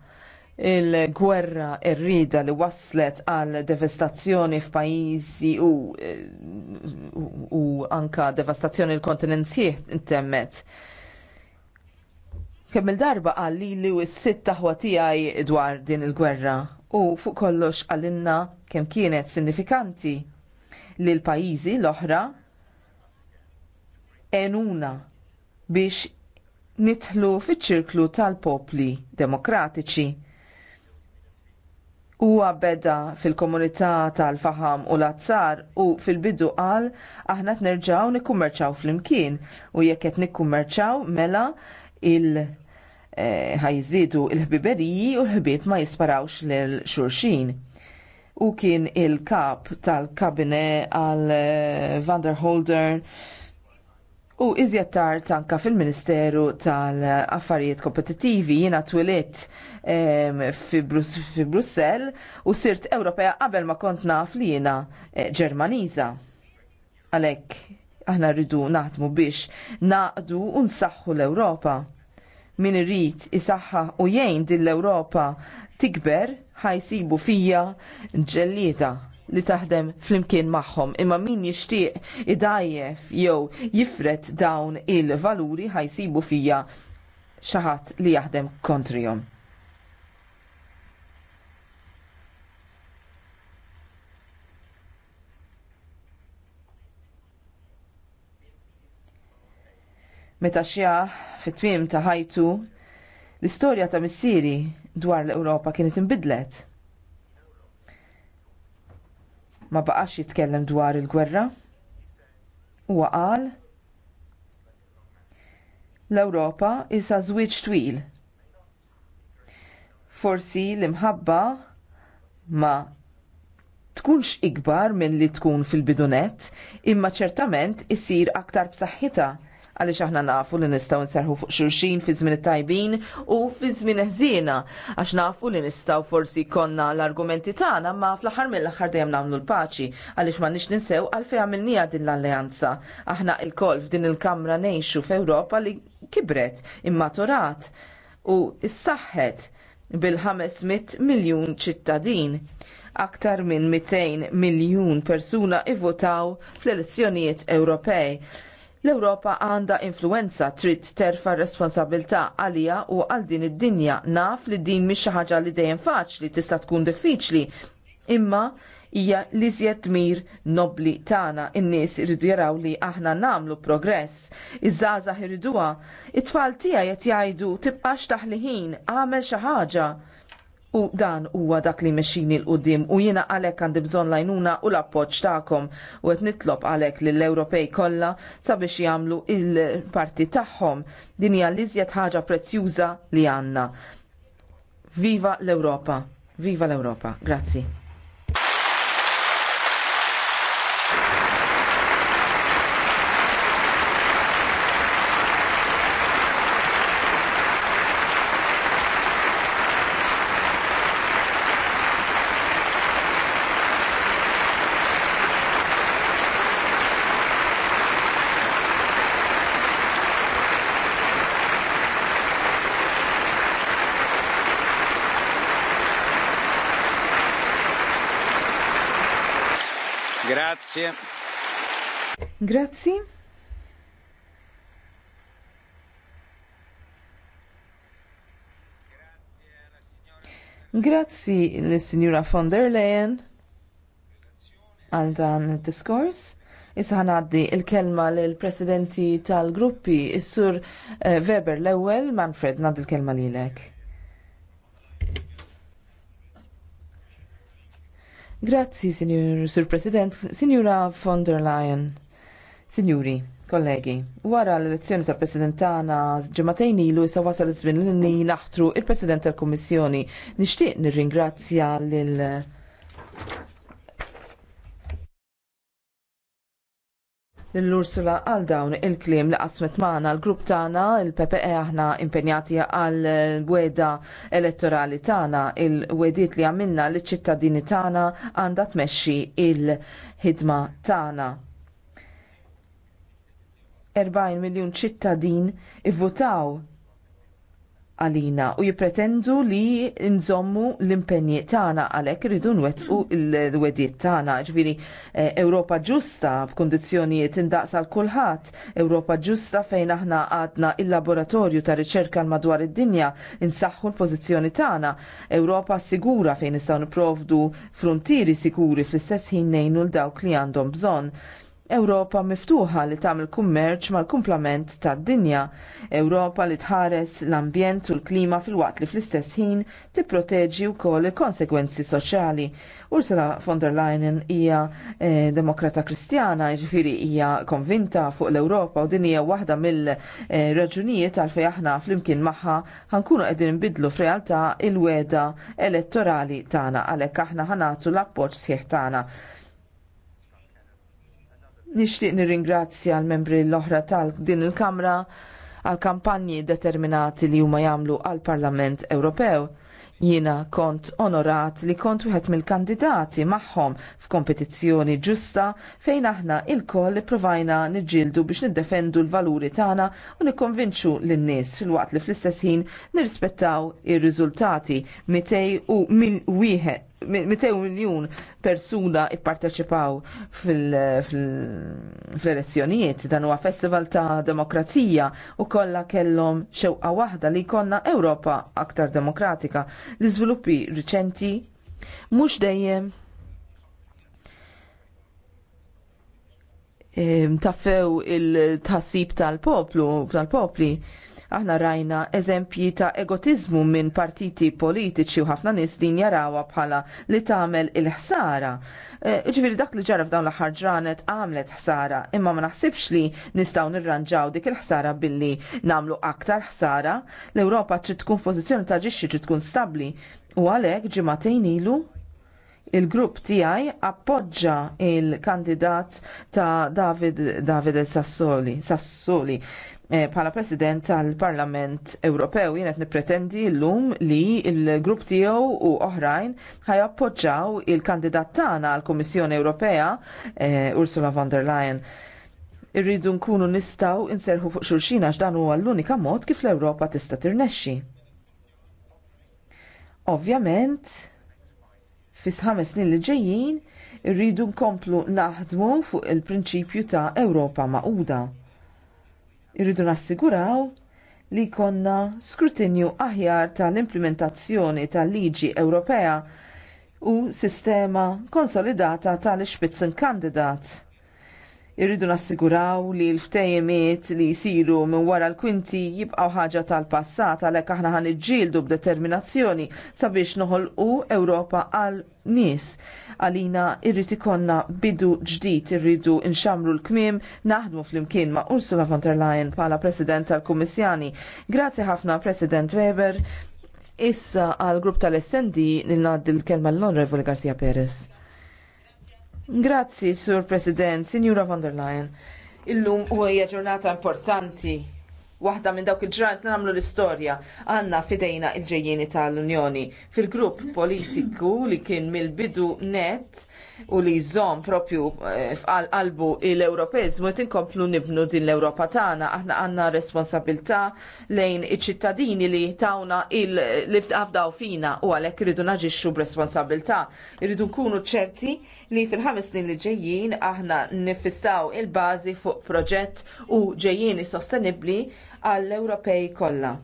il-gwerra irrida li waslet għal devastazzjoni f'pajjiżi u, u, u anka devastazzjoni l-kontinent sieħ intemmet. Kemm il-darba għal li li u s-sitt taħwa tiegħi dwar din il-gwerra u fuq kollox għalinna kemm kienet sinifikanti lil pajjiżi l-oħra enuna biex nidħlu fiċ-ċirklu tal-popli demokratiċi. Huwa beda fil-komunità tal-faham u l-azzar u fil-bidu qal aħna t-nerġaw nikkummerċaw fl-imkien u jekk qed nikkummerċaw mela il- eh, ħajżidu l ħbiberiji u l-ħbieb ma jisparawx lil xulxin u kien il-kap tal-kabine għal eh, Vanderholder u iżjed tard tanka fil-Ministeru tal-Affarijiet Kompetittivi jiena twilit fi, Brus fi Brussell u sirt Ewropea qabel ma kont naf li jiena eh, Ġermaniża. Għalhekk aħna rridu naħdmu biex naqdu u nsaħħu l-Ewropa min irid isaħħa u jgħin din l-Ewropa tikber ħajsibu fija ġellieta li taħdem flimkien magħhom imma min jixtieq idajjef jew jifret dawn il-valuri ħajsibu fija xi ħadd li jaħdem kontrihom. Meta xi fit-twim ta' ħajtu, l-istorja ta' missieri dwar l-Ewropa kienet inbidlet. Ma baqax jitkellem dwar il-gwerra. Huwa qal l-Ewropa isa żwieġ twil. Forsi l-imħabba ma tkunx ikbar minn li tkun fil-bidunet, imma ċertament isir aktar b'saħħitha għaliex aħna nafu li nistgħu nserħu fuq xulxin fi żmien tajbin u fi żmien ħżiena għax nafu li nistgħu forsi konna l-argumenti tagħna ma fl-aħħar mill-aħħar dejjem nagħmlu l-paċi għaliex m'għandniex ninsew għalfejn għamilnija din l-alleanza. Aħna il-kol f'din il-Kamra ngħixu f'Ewropa li kibret, immaturat u s-saħħet bil-500 miljun ċittadin. Aktar minn 200 miljun persuna ivvotaw fl-elezzjonijiet Ewropej. L-Ewropa għandha influenza trid terfa' responsabilità għalija u għal din id-dinja naf li din mhix xi ħaġa li dejjem faċli tista' tkun diffiċli. Imma hija li mir nobli tagħna. In-nies iridu jaraw li aħna nagħmlu progress. Iż-żgħażagħ iriduha. It-tfal tiegħi qed jgħidu tibqax taħli ħin, għamel xi ħaġa. U dan huwa dak li mexini l qudiem u jiena għalhekk għandi bżonn lajnuna u l-appoġġ tagħkom u qed nitlob għalhekk lill-Ewropej kollha sabiex jagħmlu il-parti tagħhom. Din hija l-iżjed ħaġa prezzjuża li għandna. Viva l-Ewropa! Viva l-Ewropa! Grazzi. Grazie. Grazie. Grazzi l signora von der Leyen għal dan id diskors Issa ħanaddi l kelma lill presidenti tal-gruppi, is-sur eh, Weber l ewel Manfred, ngħaddi l-kelma lilek. Grazzi, Signor Sir President, Signora von der Leyen. Signori, kollegi, wara l-elezzjoni tal-President tagħna ġematejn ilu issa wasal iż-żmien li naħtru il-President tal-Kummissjoni. Nixtieq nirringrazzja lil l-Ursula għal dawn il-klim li qasmet maħna l-grupp tagħna, il-PPE aħna impenjati għal weda elettorali tagħna, il-wediet li għamilna liċ ċittadini tagħna għandha tmexxi il-ħidma tagħna. 40 miljun ċittadin ivvutaw għalina u jipretendu li nżommu l-impenji tagħna għalhekk iridu nwettqu l-wedijiet tagħna, ġifieri eh, Ewropa ġusta b'kundizzjonijiet indaqsa għal kulħadd, Ewropa ġusta fejn aħna għadna il-laboratorju ta' riċerka madwar id-dinja insaħħu l-pożizzjoni tagħna, Ewropa sigura fejn nistgħu nipprovdu frontieri siguri fl-istess ħin ngħinu l dawk li għandhom bżonn. Ewropa miftuħa li tagħmel kummerċ mal-kumplament tad-dinja, Ewropa li tħares l-ambjent u l-klima filwaqt li fl-istess ħin tipproteġi wkoll il-konsegwenzi soċjali. Ursula von der Leyen hija eh, demokrata kristjana, jiġifieri hija konvinta fuq l-Ewropa u din hija waħda mill-raġunijiet eh, għalfejn aħna flimkien magħha ħankunu qegħdin nbidlu f'realtà il-weda elettorali tagħna għalhekk aħna ħanatu l-appoġġ sħiħ tagħna. Nixtieq nirringrazzja l-membri l-oħra tal-din il-Kamra għal kampanji determinati li huma jagħmlu għall Parlament Ewropew. Jiena kont onorat li kont wieħed mill-kandidati magħhom f'kompetizzjoni ġusta fejn aħna il-koll provajna niġġieldu biex niddefendu l-valuri tagħna u nikkonvinċu lin-nies filwaqt li fl-istess ħin nirrispettaw ir-riżultati mitej u minn wieħed 200 miljun persuna ipparteċipaw fil-elezzjonijiet dan huwa festival ta' demokrazija u kollha kellhom xewqa waħda li jkollna Ewropa aktar demokratika. L-iżviluppi riċenti mhux dejjem taffew il-tassib tal-poplu tal-popli. tal poplu tal popli Aħna rajna eżempji ta' egotiżmu minn partiti politiċi u ħafna nies din jarawha bħala li tagħmel il-ħsara. E, Ġifieri dak li ġara f'dawn l-aħħar ġranet għamlet ħsara, imma ma naħsibx li nistgħu nirranġaw dik il-ħsara billi nagħmlu aktar ħsara. L-Ewropa trid tkun f'pożizzjoni ta' ġixxi trid tkun stabbli u għalhekk ġimagħtejn ilu il-grupp tiegħi appoġġa il-kandidat ta' David, David Sassoli, Sassoli pala eh, President tal-Parlament Ewropew jienet nipretendi l-lum li il-grupp tiegħu u oħrajn ħajappoġġaw il-kandidat tagħna għal kummissjoni Ewropea eh, Ursula von der Leyen. Irridu nkunu nistaw inserħu fuq xulxin għax dan huwa l-unika mod kif l-Ewropa tista' tirnexxi. Ovvjament, fis ħames snin li ġejjin, irridu nkomplu naħdmu fuq il-prinċipju ta' Ewropa maquda Irridu nassiguraw li jkollna skrutinju aħjar tal-implementazzjoni tal-liġi Ewropea u sistema konsolidata tal kandidat. Irridu nassiguraw li l-ftejjemiet li jsiru minn wara l-kwinti jibqgħu ħaġa tal-passat għalhekk aħna ħan iġġieldu b'determinazzjoni sabiex noħolqu Ewropa għal nies. Għalina irrid ikonna bidu ġdid irridu nxamru l-kmim naħdmu fl-imkien ma' Ursula von der Leyen bħala President tal-Kummissjani. Grazzi ħafna President Weber. Issa għal grupp tal-SND nil ngħaddi il-kelma l-Onorevoli Garcia Perez. Grazzi, Sur President, Signora von der Leyen. Illum huwa ġurnata importanti waħda minn dawk il-ġrant namlu nagħmlu l-istorja Għanna fidejna l ġejjeni tal-Unjoni. Fil-grupp politiku li kien mill-bidu net u li jżomm propju eh, f'qalbu l-Ewropeizmu qed inkomplu nibnu din l-Ewropa tagħna. Aħna għandna responsabilità lejn iċ-ċittadini li tawna il fdaw fina u għalhekk iridu naġixxu b'responsabilità. Iridu nkunu ċerti li fil-ħames snin li ġejjin aħna nifissaw il-bażi fuq proġett u ġejjin sostenibbli għall-Ewropej kollha.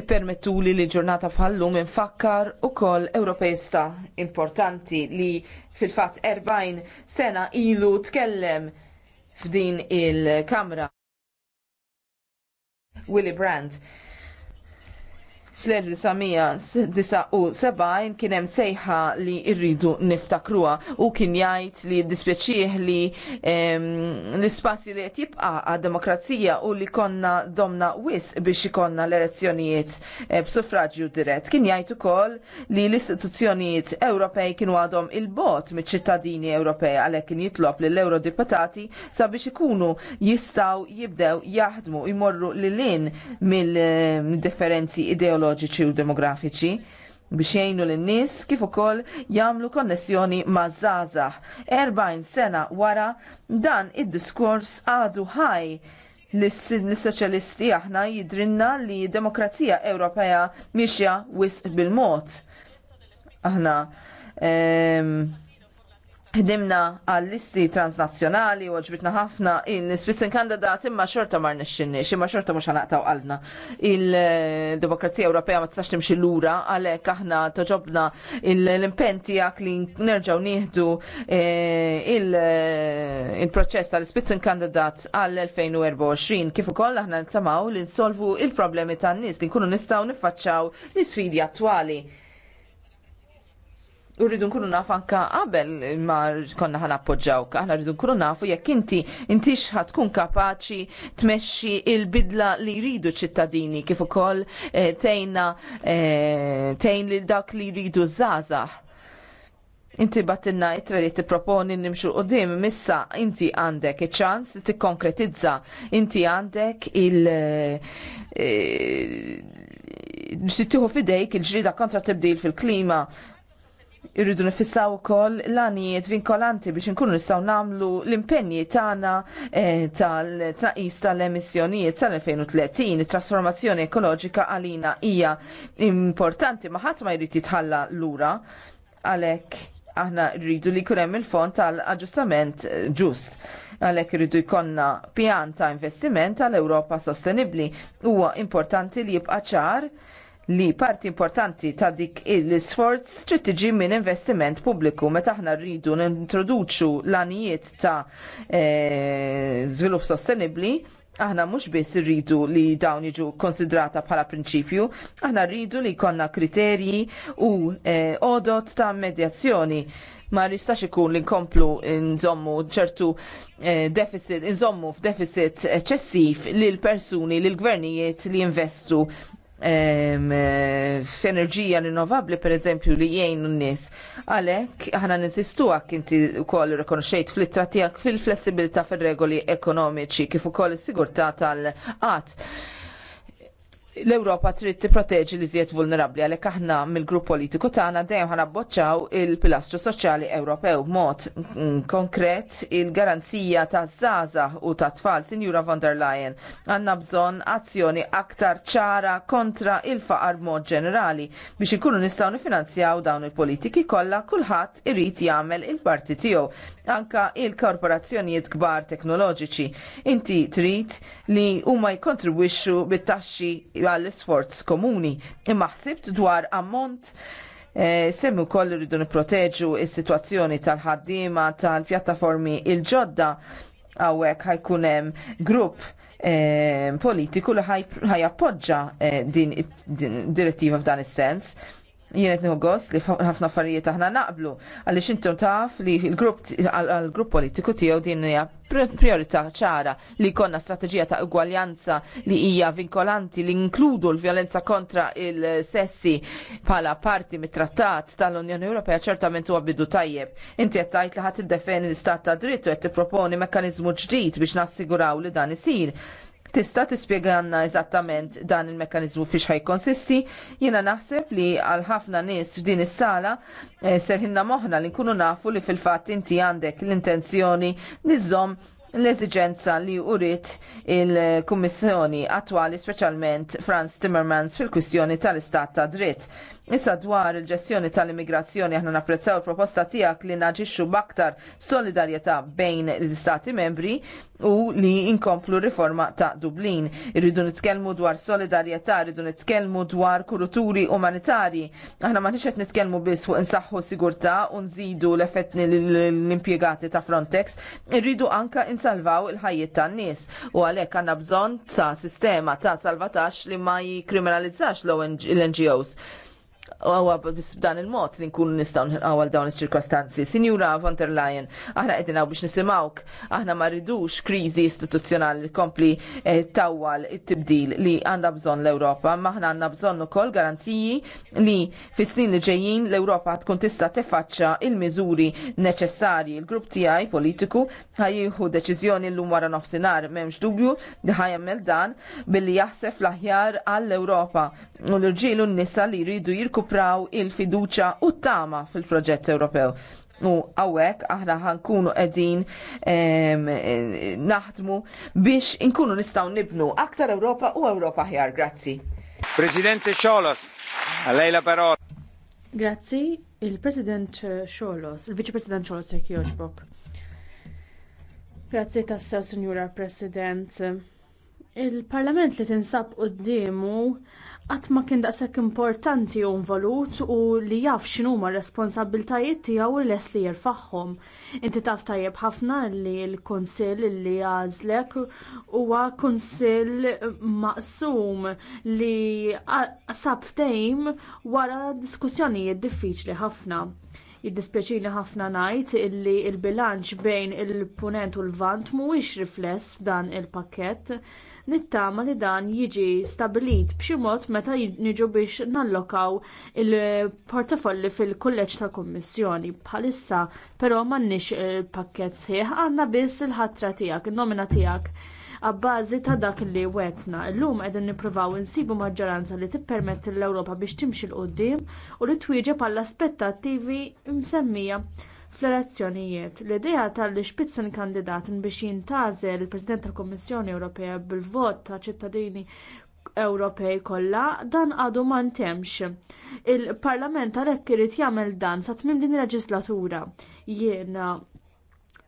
Ippermettuli li ġurnata bħallum infakkar ukoll Ewropejsta importanti li fil-fatt 40 sena ilu tkellem f'din il-Kamra. Willy Brandt fl-1979 kien hemm sejħa li rridu niftakruha u kien jgħid li dispjaċih li l-ispazju li qed jibqa' għad-demokrazija u li konna domna wis biex ikonna l-elezzjonijiet eh, b'suffraġġju dirett. Kien jgħid ukoll li l-istituzzjonijiet Ewropej kienu għadhom il-bot miċ-ċittadini Ewropej għalhekk kien jitlob lill eurodiputati sabiex ikunu jistgħu jibdew jaħdmu jmorru lil mill-differenzi eh, ideoloġiċi ekoloġiċi u demografiċi biex jgħinu lin-nies kif ukoll jagħmlu konnessjoni ma' żgħażagħ. 40 sena wara dan id-diskors għadu ħaj lis-soċjalisti aħna jidrinna li d demokrazija Ewropea mixja wisq bil-mod. Aħna ħdimna għall-listi transnazzjonali u ġbitna ħafna il-Switzin kandidat imma xorta mar nixxinni, imma xorta mux ħanaqtaw għalna. Il-demokrazija Ewropea ma tistax timxi lura għalhekk aħna toġobna l impenti għak li nerġgħu nieħdu eh, il-proċess tal-Switzin kandidat għall-2024 kif ukoll aħna nsamaw li nsolvu il-problemi tan-nies li nkunu nistgħu niffaċċaw l-isfidi attwali. U rridu nkunu nafu anka qabel ma konna ħan aħna rridu nkunu nafu jekk inti intix tkun kapaċi tmexxi il-bidla li jridu ċittadini kif ukoll eh, tejna eh, tejn li dak li jridu żgħażagħ. Inti battinna itra li t-proponi nimxu dim missa inti għandek il-ċans li t-konkretizza, inti għandek il- e, eh, tiħu fidejk il-ġrida kontra tibdil fil-klima Irridu nifissaw ukoll l-għanijiet vinkolanti biex inkunu nistgħu nagħmlu l-impenji tagħna eh, tal-tnaqis tal-emissjonijiet tal 2030 it-trasformazzjoni ekoloġika għalina hija importanti ma ħadd ma jrid jitħalla lura għalhekk aħna rridu li jkun hemm il-fond tal-aġġustament eh, ġust għalek rridu jkonna pjan ta' investiment tal Ewropa sostenibli. Huwa importanti li jibqa ċar li parti importanti ta' dik l-isforz trid tiġi minn investiment pubbliku meta aħna rridu nintroduċu l-anijiet ta' eh, żvilupp sostenibbli aħna mhux biss irridu li dawn jiġu konsidrata bħala prinċipju, aħna rridu li jkollna kriterji u e, odot ta' medjazzjoni ma ristax ikun li nkomplu nżommu ċertu eh, deficit, nżommu f'deficit eċessiv lil persuni, lil gvernijiet li investu Eh, f'enerġija rinnovabli per eżempju li jgħin n-nis. Għalek, ħana n-insistu għak inti u koll rekonoxejt fl fil-flessibilta fil-regoli ekonomiċi kif u koll sigurta tal-qat l-Ewropa trid tipproteġi li żiet vulnerabbli għalhekk aħna mill-grupp politiku tagħna dejjem ħanabboċċaw il-pilastru soċjali Ewropew mod mm, konkret il-garanzija ta' żaza u ta' tfal Sinjura von der Leyen. Għandna bżonn azzjoni aktar ċara kontra il-faqar mod ġenerali biex ikunu nistgħu nifinanzjaw dawn il-politiki kollha kulħadd irid jagħmel il-parti tiegħu anka il-korporazzjonijiet kbar teknoloġiċi. Inti trid li huma jkontribwixxu bit-taxxi għall isforz komuni. Imma ħsibt dwar ammont Semmu eh, semmi wkoll irridu nipproteġu is-sitwazzjoni tal-ħaddiema tal-pjattaformi il-ġodda hawnhekk ħajkunem grupp eh, politiku li ħajappoġġa eh, din, din direttiva f'dan is-sens jienet nħu li ħafna affarijiet aħna naqblu, għaliex intom taf li l-grupp għal-grupp politiku tiegħu din hija priorità ċara li konna strateġija ta' ugwaljanza li hija vinkolanti li inkludu l-vjolenza kontra il-sessi bħala parti mit-trattat tal-Unjoni Ewropea ċertament huwa bidu tajjeb. Inti qed tgħid li ħadd iddefendi l-istat ta' dritt u qed tipproponi mekkaniżmu ġdid biex nassiguraw li dan isir. Tista' għanna eżattament dan il-mekkaniżmu fiex ħaj konsisti, jiena naħseb li għal ħafna nies f'din is-sala eh, serħinna moħħna li nkunu nafu li fil-fatt inti għandek l-intenzjoni nizzom l-eżigenza li urit il-Kummissjoni attwali speċjalment Franz Timmermans fil-kwistjoni tal-Istat ta' dritt. Issa dwar il-ġestjoni tal-immigrazzjoni aħna napprezzaw il-proposta tiegħek li naġixxu b'aktar solidarjetà bejn l-istati membri u li inkomplu riforma ta' Dublin. Irridu nitkellmu dwar solidarjetà, irridu nitkellmu dwar kuruturi umanitarji. Aħna ma qed nitkellmu biss fuq insaħħu sigurtà u nżidu l effett l-impjegati ta' Frontex, irridu anka insalvaw il-ħajjiet tan-nies u għalhekk għandna bżonn ta' sistema ta' salvataġġ li ma jikkriminalizzax l-NGOs għawa dan il-mod li nkun nistaw għawal dawn il ċirkostanzi Sinjura von der Leyen, aħna qegħdin biex nisimawk, aħna ma rridux kriżi istituzzjonali li kompli eh, tawwal il tibdil li għandha bżonn l-Ewropa, ma aħna għandna bżonn ukoll garanziji li fis-snin li ġejjin l europa tkun tista' tefaċċa il-miżuri neċessarji. Il-grupp tiegħi politiku ħajjieħu deċiżjoni llum wara nofsinhar m'hemmx dubju li ħajjemmel dan billi jaħseb l-aħjar għall-Ewropa u l-irġiel u n-nisa li jridu jirkup jirkupraw il-fiduċa u t-tama fil-proġett Ewropew. U għawek, aħna ħankunu edin naħdmu biex inkunu nistaw nibnu aktar Ewropa u Ewropa ħjar. Grazzi. Presidente Xolos, għalaj la parola. Grazzi, il-President Xolos, il-Viċi-President Xolos jek joġbok. Grazzi tassew, Signora President. Il-Parlament li tinsab d-dimu qatt ma kien daqshekk importanti u involut u li jaf x'inhuma r-responsabbiltajiet tiegħu u les li Inti taf tajjeb ħafna li l-kunsill li għażlek huwa kunsill maqsum li sab ftehim wara diskussjonijiet diffiċli ħafna jiddispjaċini ħafna ngħid illi l-bilanċ bejn il-punent u l-vant mhuwiex rifless f'dan il-pakkett. Nittama li dan jiġi stabilit b'xi mod meta niġu biex nallokaw il-portafolli fil-kulleġġ tal-Kummissjoni. Bħalissa però m'għandniex il-pakkett sħiħ għandna biss il-ħatra tiegħek, in-nomina tiegħek għabbażi ta' dak li wetna. Illum qegħdin nippruvaw insibu maġġoranza li tippermetti l-Ewropa biex timxi l qudiem u li twieġeb għall aspettattivi msemmija fl-elezzjonijiet. L-idea tal-Spitzen kandidatin biex jintażel il-President tal-Kummissjoni Ewropea bil-vot ta' ċittadini Ewropej kollha dan għadu ma ntemx. Il-Parlament għalhekk irid jagħmel dan sa tmiem din il-leġislatura. Jiena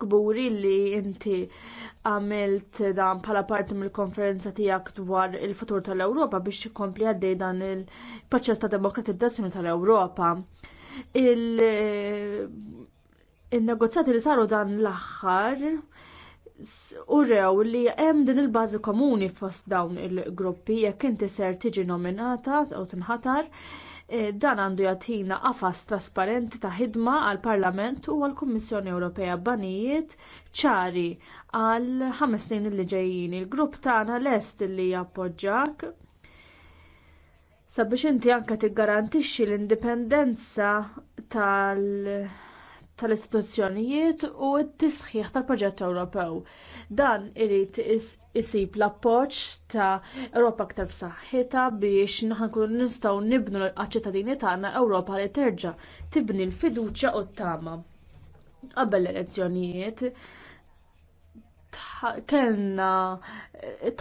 kburi li inti għamilt dan bħala parti mill-konferenza tiegħek dwar il-futur tal-Ewropa biex jikkompli għaddej dan il-proċess ta' demokratizzazzjoni tal-Ewropa. Il-negozjati li saru dan l-aħħar rew li hemm din il-bażi komuni fost dawn il-gruppi jekk inti ser tiġi nominata u tinħatar Eh, dan għandu jagħtina qafas trasparenti ta' ħidma għall parlament u għall kummissjoni Ewropea banijiet ċari għal ħames snin li ġejjin. Il-grupp tagħna lest li jappoġġjak sabiex inti anke tiggarantixxi l-indipendenza tal-istituzzjonijiet u t-tisħiħ tal-proġett Ewropew. Dan irid is isib l-appoġġ ta' Ewropa aktar b'saħħita biex nkunu nistgħu nibnu l ċittadini tagħna Ewropa li terġa' tibni l-fiduċja u t-tama. Qabel l-elezzjonijiet kellna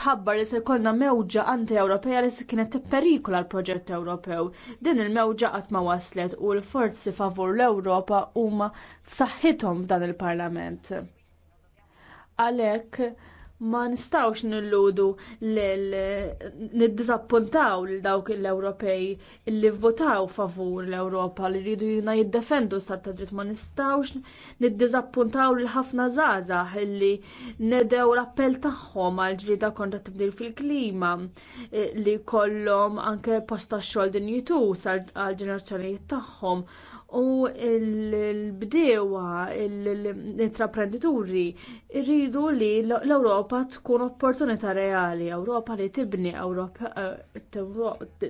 tħabbar li se jkollna mewġa anti-Ewropea li se kienet perikola l-proġett Ewropew. Din il-mewġa qatt ma waslet u l-forzi favur l-Ewropa huma f'saħħithom f'dan il-Parlament. Għalhekk ma nistawx nilludu niddisappuntaw lil dawk l-Ewropej li votaw favur l-Ewropa li rridu jina jiddefendu stat ta' dritt ma nistawx niddisappuntaw lil ħafna żgħażagħ li nedew l-appell tagħhom għal ġlieda kontra tibdil fil-klima eh, li kollhom anke posta xogħol dinjitus għal ġenerazzjonijiet tagħhom u l-bdewa, l-intraprendituri rridu li l-Ewropa tkun opportunità reali, Ewropa li tibni eh,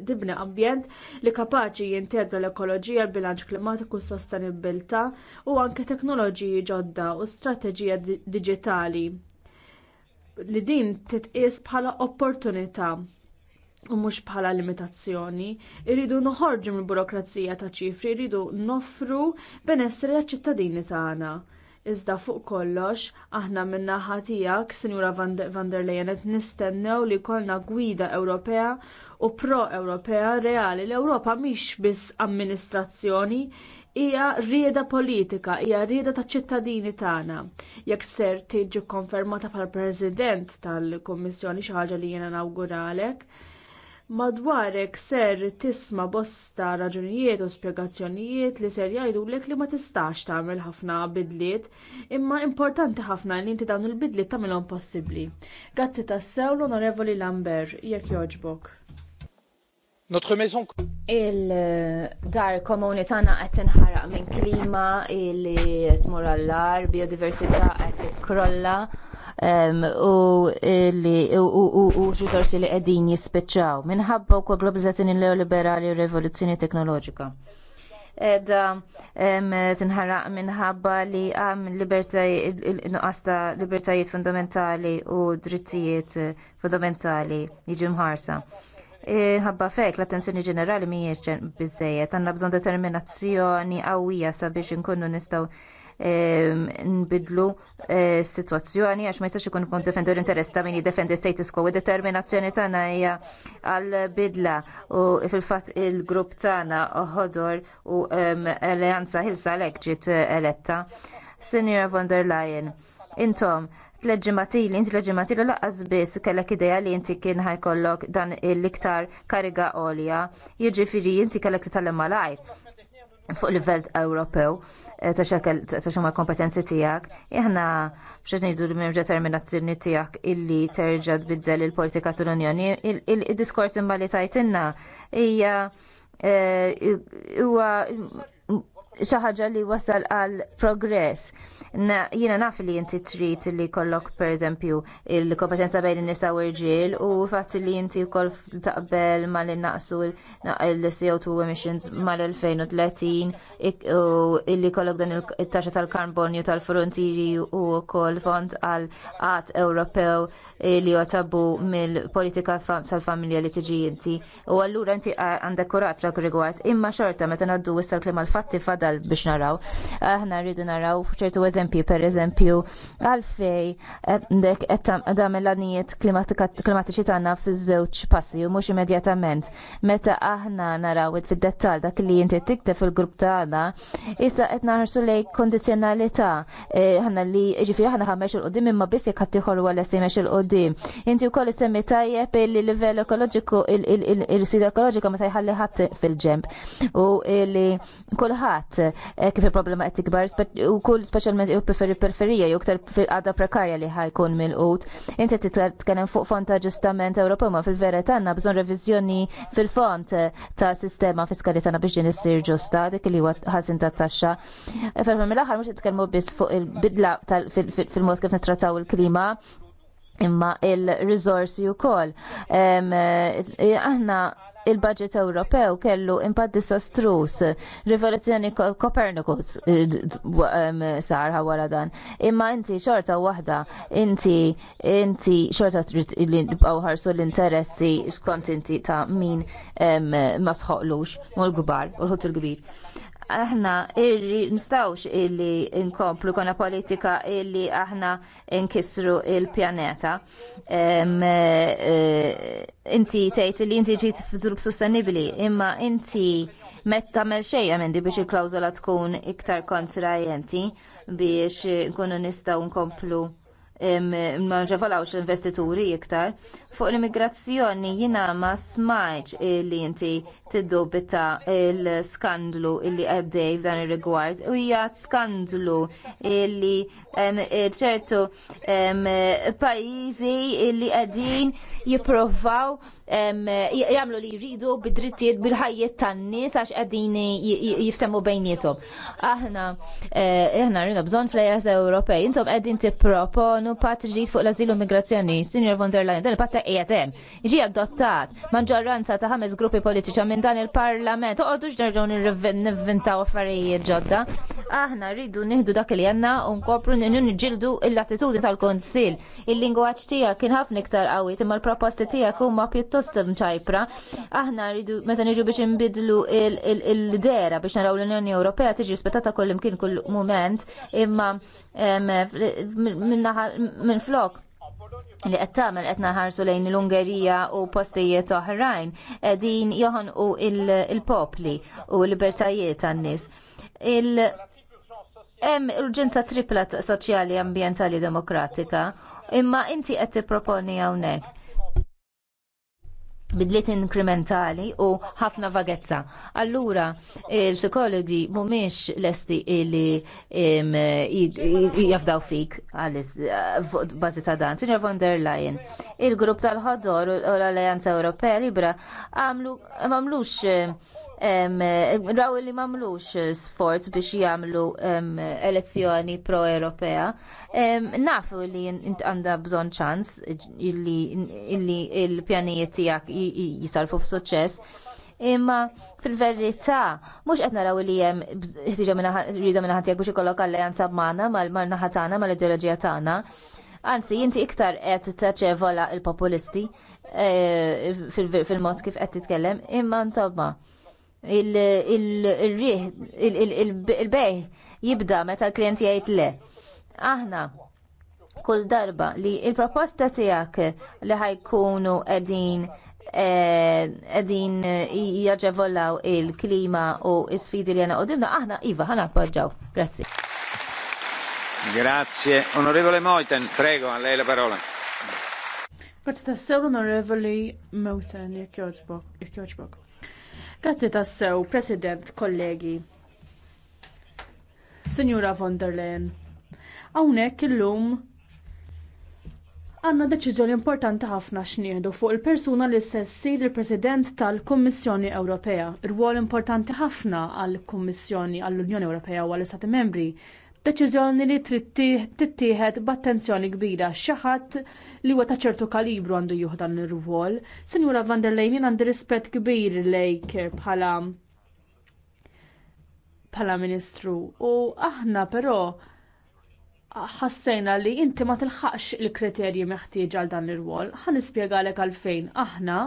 tibni ambjent li kapaċi jintegra l-ekoloġija, l-bilanċ klimatiku, s-sostenibilità u anke teknoloġiji ġodda u strateġija diġitali li din titqies bħala opportunità u mhux bħala limitazzjoni. Irridu noħorġu mill-burokrazija ta' ċifri, irridu noffru benessri għaċ-ċittadini tagħna. Iżda fuq kollox, aħna min-naħa tiegħek, Sinjura van der Leyen, qed nistennew li jkollna gwida Ewropea u pro-Ewropea reali l ewropa mhix biss amministrazzjoni, hija rieda politika, hija rieda taċ ċittadini tagħna. Jekk ser tiġi konfermata bħal President tal-Kummissjoni xi ħaġa li jiena nawguralek, madwarek ser tisma' bosta raġunijiet u spjegazzjonijiet li ser jgħidulek li ma tistax tagħmel ħafna bidliet, imma importanti ħafna li inti dawn il-bidliet tagħmilhom possibbli. Grazzi tassew l-Onorevoli Lambert, jekk jogħġbok. Notre maison il-dar komuni tagħna qed tinħaraq minn klima li tmur għall-ar, biodiversità qed tikkrolla u li risorsi li qegħdin jispiċċaw minħabba wkoll globalizzazzjoni neoliberali u rivoluzzjoni teknoloġika. Edda tinħaraq minħabba li għam nuqqas libertajiet fundamentali u drittijiet fundamentali jiġu mħarsa. Ħabba fek l-attenzjoni ġenerali mhijiex biżejjed, għandna bżonn determinazzjoni qawwija sabiex inkunu nistgħu nbidlu eh, situazzjoni sitwazzjoni għax ma jistax ikun kont defendur interess ta' min jiddefendi status quo u determinazzjoni tagħna hija għall-bidla u fil-fatt il-grupp tagħna ħodor u alleanza ħilsa għalhekk ġiet eh, eletta. Senior von der Leyen, intom tleġimatili, inti tleġimatili laqqas biss kellek ideja li inti kien ħajkollok dan l-iktar kariga għolja, jiġifieri inti kellek titgħallem malajr fuq livell Ewropew eh, ta' xekel ta' xumma kompetenzi tijak, Aħna bċet nidu li minn determinazzjoni tijak illi terġa tbiddel il-politika tal-Unjoni, il-diskors imma li tajtinna hija eh, huwa xi ħaġa li wasal għal progress. Na, jina naf li inti trid li kollok per eżempju il-kompetenza bejn in-nisa u rġiel u fatt li inti wkoll taqbel ma li naqsu l-CO2 emissions mal-2030 u illi kollok dan it-taxxa tal-karbonju tal-frontieri u wkoll fond għal qatt Ewropew li jotabu mill-politika tal-familja li tiġi inti. U allura inti għandek kuraġġ rigward imma xorta meta ngħaddu issa l-klima l-fatti fada kollha biex naraw. Aħna rridu naraw ċertu per pereżempju għalfej għandek qed tagħmel għanijiet klimatiċi tagħna fiż-żewġ passi u mhux immedjatament. Meta aħna naraw fid-dettall dak li jinti tikte fil-grupp tagħna, issa qed naħarsu lejn kondizzjonalità Aħna li ġifieri aħna ħamex il-qudiem imma biss jekk ħaddieħor għal sejmex il-qudiem. Inti wkoll issemmi tajjeb il-livell ekoloġiku il-sida ekoloġika ma tajħalli ħadd fil-ġemp u li kulħadd qatt eh, kif il-problema qed tikbar u kull speċjalment jew preferi periferija jew iktar għadha prekarja li ħajkun mill-qut. Inti titkellem fuq fond ta' ġustament Ewropew ma fil vera tagħna bżonn reviżjoni fil-fond eh, ta' sistema fiskali tagħna biex din issir ġusta dik li huwa ħażin tat-taxxa. E, Ferma mill-aħħar mhux nitkellmu biss fuq il-bidla fil-mod kif nittrattaw il-klima imma il-resorsi u koll. Eh, aħna il-budget Ewropew kellu impatt disastrus. Rivoluzzjoni Copernicus eh, sarħa wara dan. Imma inti xorta waħda, inti inti xorta trid li ħarsu l-interessi skont inti ta' min ma sħoqlux, mul-gbar, u l-ħut il-kbir aħna irri nistawx illi nkomplu konna politika illi aħna nkissru il-pjaneta. Eh, eh, inti tgħid li inti ġit f'żulb sostenibbli, imma inti meta mel xejja mendi biex il klawzola tkun iktar kontrajenti biex nkunu nistgħu nkomplu ma investituri iktar. Fuq l-immigrazzjoni jina ma smajċ li inti tiddubita l-skandlu illi għaddej f'dan ir-rigward u hija skandlu illi ċertu pajjiżi illi qegħdin jipprovaw jagħmlu li jridu bidrittiet bil-ħajjiet tan-nies għax qegħdin jiftemu bejniethom. Aħna eh, aħna rina bżonn flejas Ewropej, intom qegħdin tipproponu patt ġdid fuq l-ażil u migrazzjoni. Sinjor von der Leyen, dan il-patt qiegħed hemm. Ġi adottat maġġoranza ta' ħames gruppi politiċi minn dan il-Parlament. Toqgħodux nerġgħu nivvintaw affarijiet ġodda. Aħna rridu nieħdu dak li għandna u nkopru niġġieldu l-attitudni tal-Konsil. Il-lingwaġġ tiegħek kien ħafna iktar qawwi imma l-proposti tiegħek huma pjuttost pjuttost ċajpra, Aħna rridu meta niġu biex inbidlu il-dera biex naraw l-Unjoni Ewropea tiġi rispettata kull imkien kull mument imma minn flok li qed tagħmel qed naħarsu lejn l-Ungerija u postijiet oħrajn din joħonqu il-popli u l-libertajiet tan-nies. Il hemm urġenza tripla soċjali, ambjentali u demokratika, imma inti qed tipproponi hawnhekk bidliet inkrementali u ħafna vagezza. Allura, il-psikologi mumiex lesti li jafdaw fik għalis bazi ta' dan. Sinja von der Leyen, il-grupp tal-ħodor u l-Alleanza Ewropea Libra għamlux raw li mamlux sforz biex jagħmlu elezzjoni pro-Ewropea. Nafu li int għandha bżonn ċans illi il-pjanijiet tiegħek jisalfu f'suċċess. Imma fil-verità, mhux qed naraw li hemm rridu minna ħatijak biex ikollok għallajanza b'mana mal-naħa tagħna mal ideologija tagħna. Anzi, inti iktar qed taċevola il-populisti eh, fil-mod kif qed titkellem, imma insomma il rih il-bej jibda meta l-klient jgħid le. Aħna kull darba li il-proposta tiegħek li ħajkunu qegħdin qegħdin jaġevollaw il-klima u s-sfidi li għana dimna, aħna iva ħana appoġġaw. Grazzi. Grazie. Onorevole Moiten, prego, a lei la parola. Grazie tassew onorevole Moiten, jek Grazzi tassew, President, kollegi. Signora von der Leyen, hawnhekk illum għandna deċiżjoni importanti ħafna x'nieħdu fuq il-persuna li se ssir il-President tal-Kummissjoni Ewropea. Rwol importanti ħafna għall-Kummissjoni għall-Unjoni Ewropea u għall-Istati Membri Deċiżjoni li trid tittieħed b'attenzjoni kbira xi ħadd li huwa ta' ċertu kalibru għandu jieħu dan ir-rwol. Sinjura van der Leyen għandi rispett kbir lejk bħala bħala Ministru u aħna però ħassejna li inti ma tilħaqx il-kriterji meħtieġ għal dan ir-rwol. Ħa nispjegalek għalfejn aħna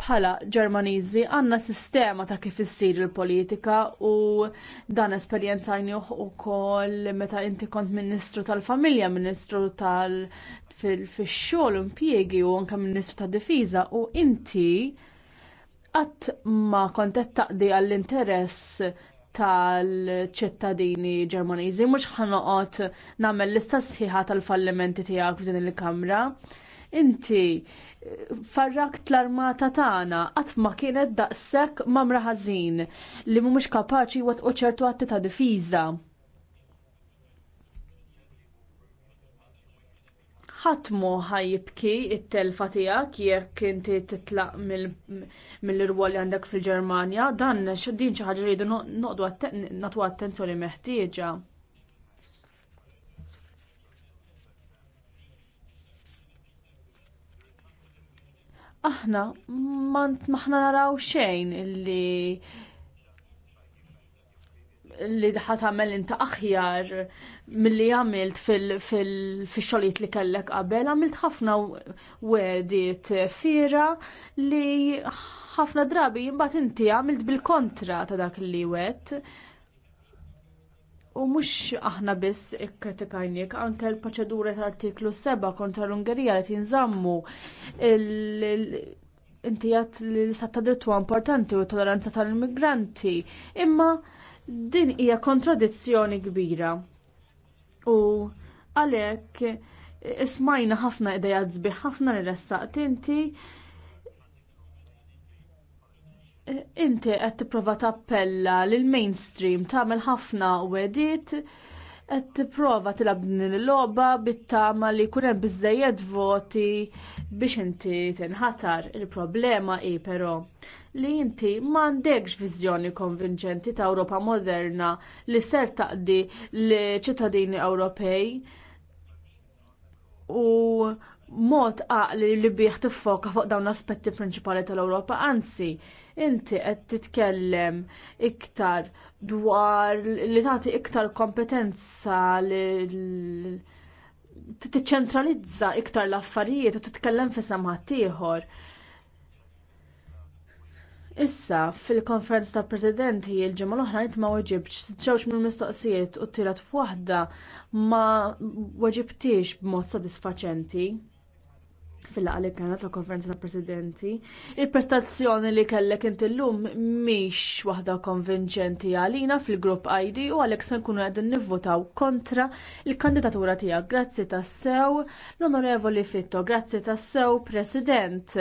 bħala Ġermaniżi għandna sistema ta' kif issir il-politika u dan u ukoll meta inti kont Ministru tal-Familja, Ministru tal fix-xogħol impjiegi u anke Ministru tad-Difiża u inti qatt ma kont qed taqdi għall-interess tal-ċittadini Ġermaniżi mhux ħanoqgħod nagħmel l istassħiħa tal-fallimenti tiegħek f'din il-Kamra. Inti farrakt l-armata tagħna qatt ma kienet daqshekk mamra ħażin li mhumiex kapaċi jwettqu ċertu atti ta' difiża. Ħadd mo ħajibki it-telfa tiegħek jekk inti titlaq mill-irwol li għandek fil-Ġermanja, dan din xi ħaġa li jridu noqdu nagħtu attenzjoni meħtieġa. aħna maħna naraw xejn li li ħat għamel inta aħjar mill-li għamilt fil-xoliet li kellek qabel, għamilt ħafna wedit fira li ħafna drabi jimbat inti għamilt bil-kontra ta' dak li wet. U mhux aħna biss ikkritikajnik, anke l-proċedura tal-artiklu 7 kontra l-Ungerija li tinżammu inti għat li s-satta drittu importanti u toleranza tal-immigranti, imma din hija kontradizzjoni kbira. U għalhekk ismajna ħafna idejat zbiħ, ħafna li ressaqt inti, inti qed tipprova tappella lil mainstream tagħmel ħafna wedit qed tipprova tilab din il-logħba bit-tama li jkun hemm biżżejjed voti biex inti tinħatar. Il-problema hi però li inti m'għandekx viżjoni konvinċenti ta' Ewropa moderna li ser taqdi l-ċittadini Ewropej u mod għaqli li bih tiffoka fuq dawn l-aspetti prinċipali tal-Ewropa, anzi, inti qed titkellem iktar dwar li tagħti iktar kompetenza li tiċċentralizza iktar l-affarijiet u titkellem fi samħat ieħor. Issa, fil-konferenz ta' presidenti il-ġimgħa l-oħra ma weġibx, ġewx mill-mistoqsijiet u tirat waħda ma weġibtix b'mod sodisfaċenti fil laqgħa li kienet tal konferenza ta' presidenti. Il-prestazzjoni li kellek inti llum mhix waħda konvinċenti għalina fil-grupp ID u għalhekk se nkunu qegħdin nivvotaw kontra il-kandidatura tiegħek. Grazzi tassew l-Onorevoli Fitto, grazzi tassew President.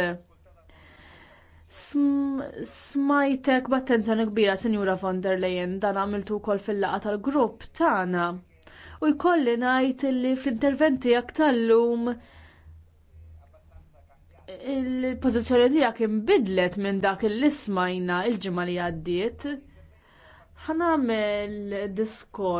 Smajtek b'attenzjoni kbira, Sinjura von der Leyen, dan għamiltu wkoll fil laqgħa tal-grupp tagħna. U jkolli ngħid li fl-interventi tiegħek tal-lum il-pożizzjoni tiegħek inbidlet minn dak li smajna il-ġimgħa li għaddiet. Ħanamel diskors